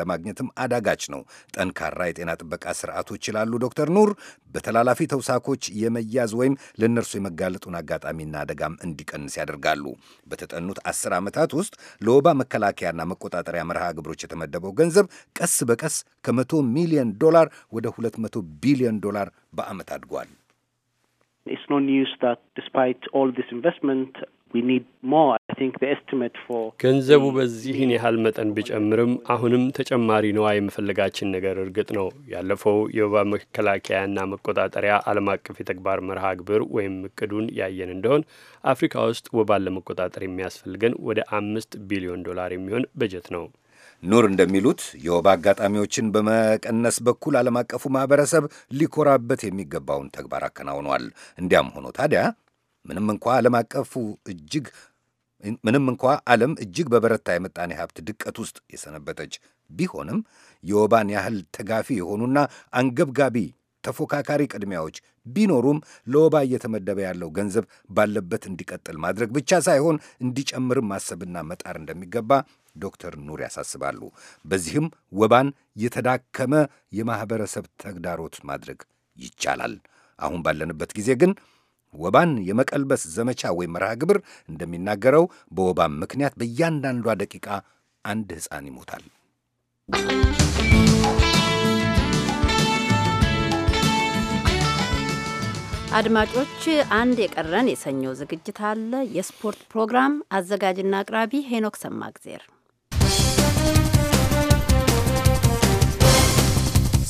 ለማግኘትም አዳጋች ነው። ጠንካራ የጤና ጥበቃ ስርዓቶች ይላሉ ዶክተር ኑር በተላላፊ ተውሳኮች የመያዝ ወይም ለእነርሱ የመጋለጡን አጋጣሚና አደጋም እንዲቀንስ ያደርጋሉ። በተጠኑት አስር ዓመታት ውስጥ ለወባ መከላከያና መቆጣጠሪያ መርሃ ግብሮች የተመደበው ገንዘብ ቀስ በቀስ ከመቶ ሚሊዮን ዶላር ወደ ሁለት መቶ ቢሊዮን ዶላር በዓመት አድጓል። ገንዘቡ በዚህን ያህል መጠን ቢጨምርም አሁንም ተጨማሪ ነዋ የመፈለጋችን ነገር እርግጥ ነው። ያለፈው የወባ መከላከያና መቆጣጠሪያ ዓለም አቀፍ የተግባር መርሃ ግብር ወይም እቅዱን ያየን እንደሆን አፍሪካ ውስጥ ወባን ለመቆጣጠር የሚያስፈልገን ወደ አምስት ቢሊዮን ዶላር የሚሆን በጀት ነው። ኑር እንደሚሉት የወባ አጋጣሚዎችን በመቀነስ በኩል ዓለም አቀፉ ማህበረሰብ ሊኮራበት የሚገባውን ተግባር አከናውኗል። እንዲያም ሆኖ ታዲያ ምንም እንኳ ዓለም አቀፉ እጅግ ምንም እንኳ ዓለም እጅግ በበረታ የምጣኔ ሀብት ድቀት ውስጥ የሰነበተች ቢሆንም የወባን ያህል ተጋፊ የሆኑና አንገብጋቢ ተፎካካሪ ቅድሚያዎች ቢኖሩም ለወባ እየተመደበ ያለው ገንዘብ ባለበት እንዲቀጥል ማድረግ ብቻ ሳይሆን እንዲጨምርም ማሰብና መጣር እንደሚገባ ዶክተር ኑር ያሳስባሉ። በዚህም ወባን የተዳከመ የማኅበረሰብ ተግዳሮት ማድረግ ይቻላል። አሁን ባለንበት ጊዜ ግን ወባን የመቀልበስ ዘመቻ ወይም መርሃ ግብር እንደሚናገረው በወባም ምክንያት በእያንዳንዷ ደቂቃ አንድ ሕፃን ይሞታል። አድማጮች፣ አንድ የቀረን የሰኞ ዝግጅት አለ። የስፖርት ፕሮግራም አዘጋጅና አቅራቢ ሄኖክ ሰማግዜር።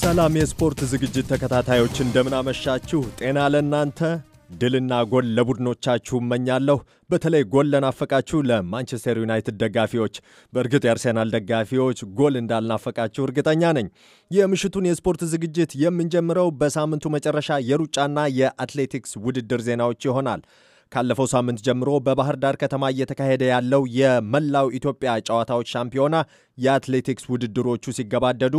ሰላም የስፖርት ዝግጅት ተከታታዮች እንደምናመሻችሁ። ጤና ለእናንተ ድልና ጎል ለቡድኖቻችሁ እመኛለሁ። በተለይ ጎል ለናፈቃችሁ ለማንቸስተር ዩናይትድ ደጋፊዎች፣ በእርግጥ የአርሴናል ደጋፊዎች ጎል እንዳልናፈቃችሁ እርግጠኛ ነኝ። የምሽቱን የስፖርት ዝግጅት የምንጀምረው በሳምንቱ መጨረሻ የሩጫና የአትሌቲክስ ውድድር ዜናዎች ይሆናል። ካለፈው ሳምንት ጀምሮ በባህር ዳር ከተማ እየተካሄደ ያለው የመላው ኢትዮጵያ ጨዋታዎች ሻምፒዮና የአትሌቲክስ ውድድሮቹ ሲገባደዱ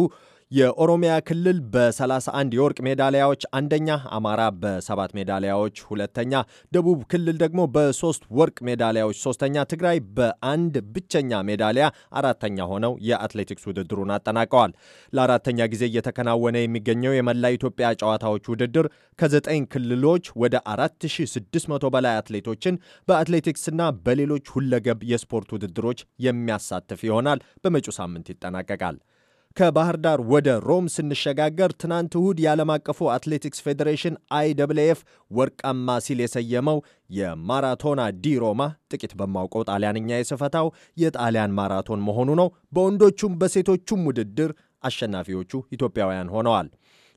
የኦሮሚያ ክልል በ31 የወርቅ ሜዳሊያዎች አንደኛ፣ አማራ በሰባት ሜዳሊያዎች ሁለተኛ፣ ደቡብ ክልል ደግሞ በሶስት ወርቅ ሜዳሊያዎች ሶስተኛ፣ ትግራይ በአንድ ብቸኛ ሜዳሊያ አራተኛ ሆነው የአትሌቲክስ ውድድሩን አጠናቀዋል። ለአራተኛ ጊዜ እየተከናወነ የሚገኘው የመላ ኢትዮጵያ ጨዋታዎች ውድድር ከዘጠኝ ክልሎች ወደ 4600 በላይ አትሌቶችን በአትሌቲክስና በሌሎች ሁለገብ የስፖርት ውድድሮች የሚያሳትፍ ይሆናል። በመጪው ሳምንት ይጠናቀቃል። ከባህር ዳር ወደ ሮም ስንሸጋገር ትናንት እሁድ የዓለም አቀፉ አትሌቲክስ ፌዴሬሽን አይደብልኤፍ ወርቃማ ሲል የሰየመው የማራቶና ዲ ሮማ ጥቂት በማውቀው ጣሊያንኛ የስፈታው የጣሊያን ማራቶን መሆኑ ነው። በወንዶቹም በሴቶቹም ውድድር አሸናፊዎቹ ኢትዮጵያውያን ሆነዋል።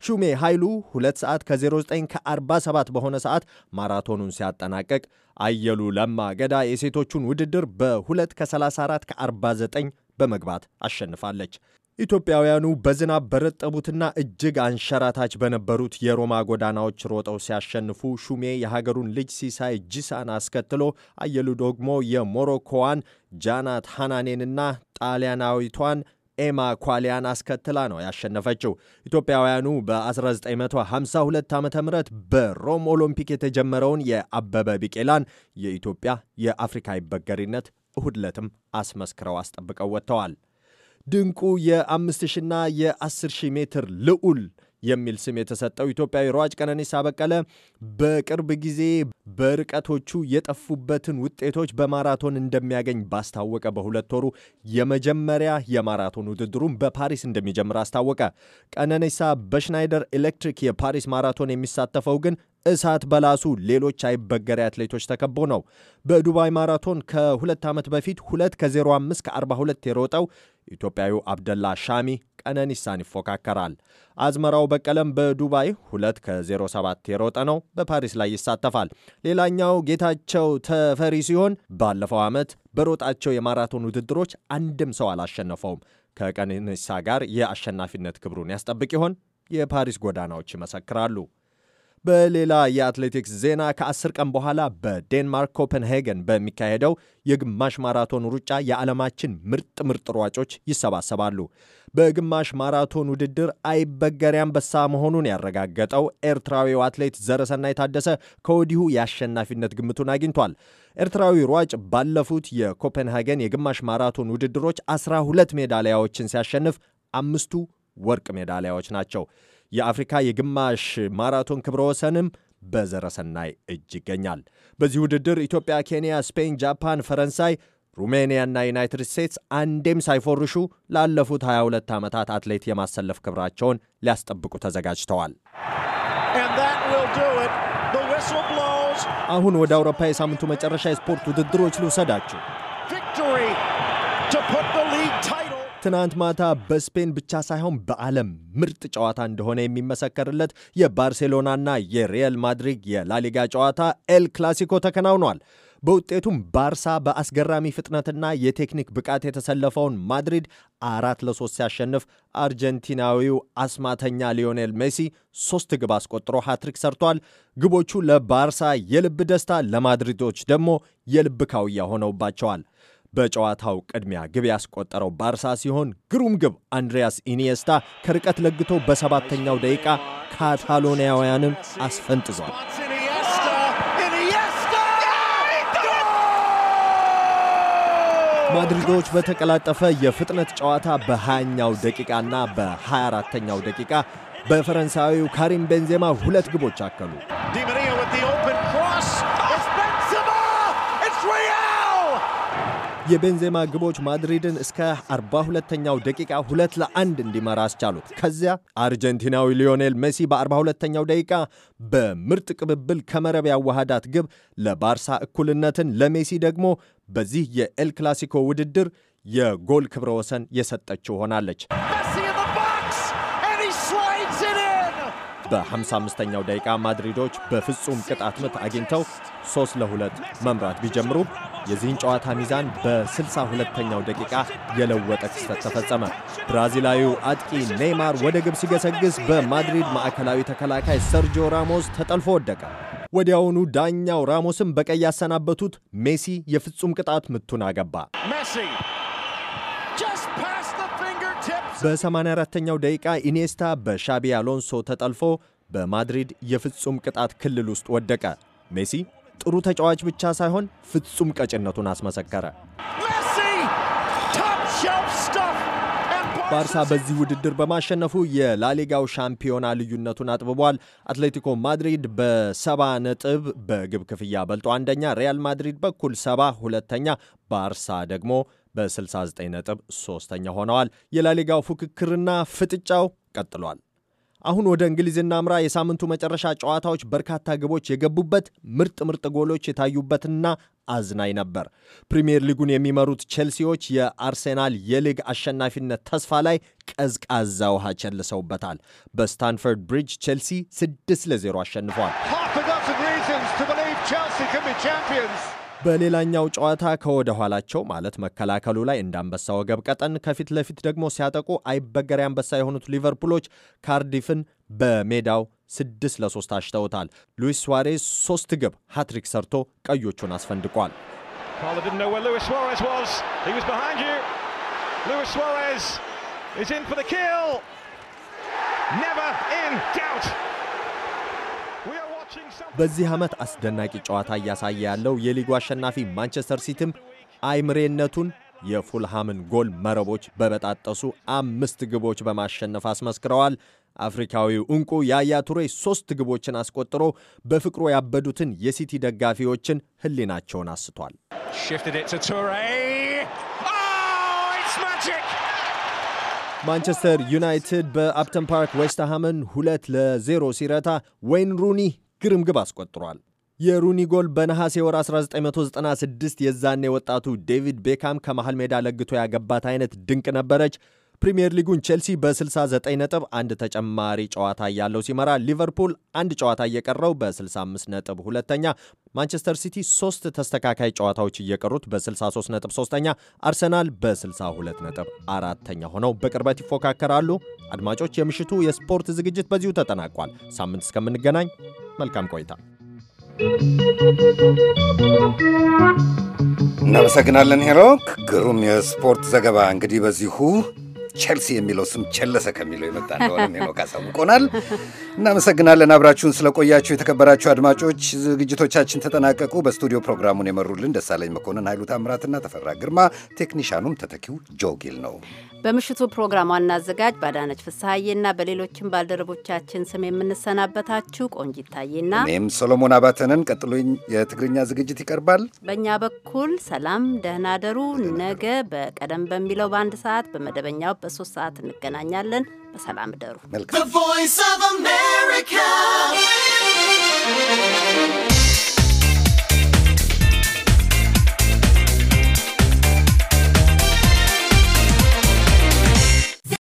ሹሜ ኃይሉ 2 ሰዓት ከ09 ከ47 በሆነ ሰዓት ማራቶኑን ሲያጠናቀቅ አየሉ ለማ ገዳ የሴቶቹን ውድድር በ2 ከ34 ከ49 በመግባት አሸንፋለች። ኢትዮጵያውያኑ በዝናብ በረጠቡትና እጅግ አንሸራታች በነበሩት የሮማ ጎዳናዎች ሮጠው ሲያሸንፉ ሹሜ የሀገሩን ልጅ ሲሳይ ጂሳን አስከትሎ አየሉ ደግሞ የሞሮኮዋን ጃናት ሃናኔንና ጣሊያናዊቷን ኤማ ኳሊያን አስከትላ ነው ያሸነፈችው። ኢትዮጵያውያኑ በ1952 ዓ ም በሮም ኦሎምፒክ የተጀመረውን የአበበ ቢቄላን የኢትዮጵያ የአፍሪካ ይበገሪነት እሁድ ዕለትም አስመስክረው አስጠብቀው ወጥተዋል። ድንቁ የ5000ና የ10000 ሜትር ልዑል የሚል ስም የተሰጠው ኢትዮጵያዊ ሯጭ ቀነኒሳ በቀለ በቅርብ ጊዜ በርቀቶቹ የጠፉበትን ውጤቶች በማራቶን እንደሚያገኝ ባስታወቀ በሁለት ወሩ የመጀመሪያ የማራቶን ውድድሩን በፓሪስ እንደሚጀምር አስታወቀ። ቀነኒሳ በሽናይደር ኤሌክትሪክ የፓሪስ ማራቶን የሚሳተፈው ግን እሳት በላሱ ሌሎች አይበገሬ አትሌቶች ተከቦ ነው። በዱባይ ማራቶን ከሁለት ዓመት በፊት 2 ከ05 ከ42 የሮጠው ኢትዮጵያዊው አብደላ ሻሚ ቀነኒሳን ይፎካከራል። አዝመራው በቀለም በዱባይ 2 ከ07 የሮጠ ነው። በፓሪስ ላይ ይሳተፋል። ሌላኛው ጌታቸው ተፈሪ ሲሆን ባለፈው ዓመት በሮጣቸው የማራቶን ውድድሮች አንድም ሰው አላሸነፈውም። ከቀነኒሳ ጋር የአሸናፊነት ክብሩን ያስጠብቅ ይሆን? የፓሪስ ጎዳናዎች ይመሰክራሉ። በሌላ የአትሌቲክስ ዜና ከአስር ቀን በኋላ በዴንማርክ ኮፐንሄገን በሚካሄደው የግማሽ ማራቶን ሩጫ የዓለማችን ምርጥ ምርጥ ሯጮች ይሰባሰባሉ። በግማሽ ማራቶን ውድድር አይበገሬ አንበሳ መሆኑን ያረጋገጠው ኤርትራዊው አትሌት ዘረሰናይ ታደሰ ከወዲሁ የአሸናፊነት ግምቱን አግኝቷል። ኤርትራዊ ሯጭ ባለፉት የኮፐንሃገን የግማሽ ማራቶን ውድድሮች 12 ሜዳሊያዎችን ሲያሸንፍ አምስቱ ወርቅ ሜዳሊያዎች ናቸው። የአፍሪካ የግማሽ ማራቶን ክብረ ወሰንም በዘረሰናይ እጅ ይገኛል። በዚህ ውድድር ኢትዮጵያ፣ ኬንያ፣ ስፔን፣ ጃፓን፣ ፈረንሳይ፣ ሩሜኒያና ዩናይትድ ስቴትስ አንዴም ሳይፎርሹ ላለፉት 22 ዓመታት አትሌት የማሰለፍ ክብራቸውን ሊያስጠብቁ ተዘጋጅተዋል። አሁን ወደ አውሮፓ የሳምንቱ መጨረሻ የስፖርት ውድድሮች ልውሰዳችሁ። ትናንት ማታ በስፔን ብቻ ሳይሆን በዓለም ምርጥ ጨዋታ እንደሆነ የሚመሰከርለት የባርሴሎናና የሪያል ማድሪድ የላሊጋ ጨዋታ ኤል ክላሲኮ ተከናውኗል። በውጤቱም ባርሳ በአስገራሚ ፍጥነትና የቴክኒክ ብቃት የተሰለፈውን ማድሪድ አራት ለሶስት ሲያሸንፍ አርጀንቲናዊው አስማተኛ ሊዮኔል ሜሲ ሶስት ግብ አስቆጥሮ ሃትሪክ ሰርቷል። ግቦቹ ለባርሳ የልብ ደስታ፣ ለማድሪዶች ደግሞ የልብ ካውያ ሆነውባቸዋል። በጨዋታው ቅድሚያ ግብ ያስቆጠረው ባርሳ ሲሆን ግሩም ግብ አንድሪያስ ኢኒየስታ ከርቀት ለግቶ በሰባተኛው ደቂቃ ካታሎኒያውያንን አስፈንጥዟል። ማድሪዶች በተቀላጠፈ የፍጥነት ጨዋታ በ20ኛው ደቂቃና በ 24 ተኛው ደቂቃ በፈረንሳዊው ካሪም ቤንዜማ ሁለት ግቦች አከሉ። የቤንዜማ ግቦች ማድሪድን እስከ 42ኛው ደቂቃ ሁለት ለአንድ እንዲመራ አስቻሉት። ከዚያ አርጀንቲናዊ ሊዮኔል ሜሲ በ42ኛው ደቂቃ በምርጥ ቅብብል ከመረብ ያዋሃዳት ግብ ለባርሳ እኩልነትን፣ ለሜሲ ደግሞ በዚህ የኤል ክላሲኮ ውድድር የጎል ክብረ ወሰን የሰጠችው ሆናለች። በ55ኛው ደቂቃ ማድሪዶች በፍጹም ቅጣት ምት አግኝተው 3 ለሁለት መምራት ቢጀምሩ የዚህን ጨዋታ ሚዛን በ62ኛው ደቂቃ የለወጠ ክስተት ተፈጸመ። ብራዚላዊው አጥቂ ኔይማር ወደ ግብ ሲገሰግስ በማድሪድ ማዕከላዊ ተከላካይ ሰርጂዮ ራሞስ ተጠልፎ ወደቀ። ወዲያውኑ ዳኛው ራሞስን በቀይ ያሰናበቱት ሜሲ የፍጹም ቅጣት ምቱን አገባ። በ84ኛው ደቂቃ ኢኔስታ በሻቢ አሎንሶ ተጠልፎ በማድሪድ የፍጹም ቅጣት ክልል ውስጥ ወደቀ። ሜሲ ጥሩ ተጫዋች ብቻ ሳይሆን ፍጹም ቀጭነቱን አስመሰከረ። ባርሳ በዚህ ውድድር በማሸነፉ የላሊጋው ሻምፒዮና ልዩነቱን አጥብቧል። አትሌቲኮ ማድሪድ በሰባ ነጥብ በግብ ክፍያ በልጦ አንደኛ፣ ሪያል ማድሪድ በኩል ሰባ ሁለተኛ፣ ባርሳ ደግሞ በ69 ነጥብ ሶስተኛ ሆነዋል። የላሊጋው ፉክክርና ፍጥጫው ቀጥሏል። አሁን ወደ እንግሊዝና አምራ የሳምንቱ መጨረሻ ጨዋታዎች በርካታ ግቦች የገቡበት ምርጥ ምርጥ ጎሎች የታዩበትና አዝናኝ ነበር። ፕሪምየር ሊጉን የሚመሩት ቼልሲዎች የአርሴናል የሊግ አሸናፊነት ተስፋ ላይ ቀዝቃዛ ውሃ ቸልሰውበታል። በስታንፈርድ ብሪጅ ቼልሲ 6 ለ0 አሸንፏል። በሌላኛው ጨዋታ ከወደ ኋላቸው ማለት መከላከሉ ላይ እንደ አንበሳ ወገብ ቀጠን፣ ከፊት ለፊት ደግሞ ሲያጠቁ አይበገሬ አንበሳ የሆኑት ሊቨርፑሎች ካርዲፍን በሜዳው ስድስት ለሶስት አሽተውታል። ሉዊስ ሱዋሬዝ ሶስት ግብ ሃትሪክ ሰርቶ ቀዮቹን አስፈንድቋል። ሉዊስ በዚህ ዓመት አስደናቂ ጨዋታ እያሳየ ያለው የሊጉ አሸናፊ ማንቸስተር ሲቲም አይምሬነቱን የፉልሃምን ጎል መረቦች በበጣጠሱ አምስት ግቦች በማሸነፍ አስመስክረዋል። አፍሪካዊው እንቁ ያያ ቱሬ ሦስት ግቦችን አስቆጥሮ በፍቅሩ ያበዱትን የሲቲ ደጋፊዎችን ሕሊናቸውን አስቷል። oh, ማንቸስተር ዩናይትድ በአፕተን ፓርክ ዌስትሃምን ሁለት ለዜሮ ሲረታ ወይን ሩኒ ግርም ግብ አስቆጥሯል። የሩኒ ጎል በነሐሴ ወር 1996 የዛኔ ወጣቱ ዴቪድ ቤካም ከመሃል ሜዳ ለግቶ ያገባት አይነት ድንቅ ነበረች። ፕሪምየር ሊጉን ቼልሲ በ69 ነጥብ አንድ ተጨማሪ ጨዋታ ያለው ሲመራ ሊቨርፑል አንድ ጨዋታ እየቀረው በ65 ነጥብ ሁለተኛ፣ ማንቸስተር ሲቲ ሶስት ተስተካካይ ጨዋታዎች እየቀሩት በ63 ነጥብ ሶስተኛ፣ አርሰናል በ62 ነጥብ አራተኛ ሆነው በቅርበት ይፎካከራሉ። አድማጮች፣ የምሽቱ የስፖርት ዝግጅት በዚሁ ተጠናቋል። ሳምንት እስከምንገናኝ መልካም ቆይታ። እናመሰግናለን ሄሮክ፣ ግሩም የስፖርት ዘገባ እንግዲህ በዚሁ ቸልሲ የሚለው ስም ቸለሰ ከሚለው የመጣ እንደሆነ ሄኖክ አሳውቆናል። እናመሰግናለን አብራችሁን ስለቆያችሁ የተከበራችሁ አድማጮች። ዝግጅቶቻችን ተጠናቀቁ። በስቱዲዮ ፕሮግራሙን የመሩልን ደሳለኝ መኮንን፣ ኃይሉ ታምራትና ተፈራ ግርማ፣ ቴክኒሻኑም ተተኪው ጆጊል ነው። በምሽቱ ፕሮግራም ዋና አዘጋጅ ባዳነች ፍስሐዬና በሌሎችም ባልደረቦቻችን ስም የምንሰናበታችሁ ቆንጅ ይታይና እኔም ሰሎሞን አባተንን። ቀጥሎ የትግርኛ ዝግጅት ይቀርባል። በእኛ በኩል ሰላም፣ ደህና ደሩ። ነገ በቀደም በሚለው በአንድ ሰዓት በመደበኛው በሶስት ሰዓት እንገናኛለን። በሰላም ደሩ። መልካም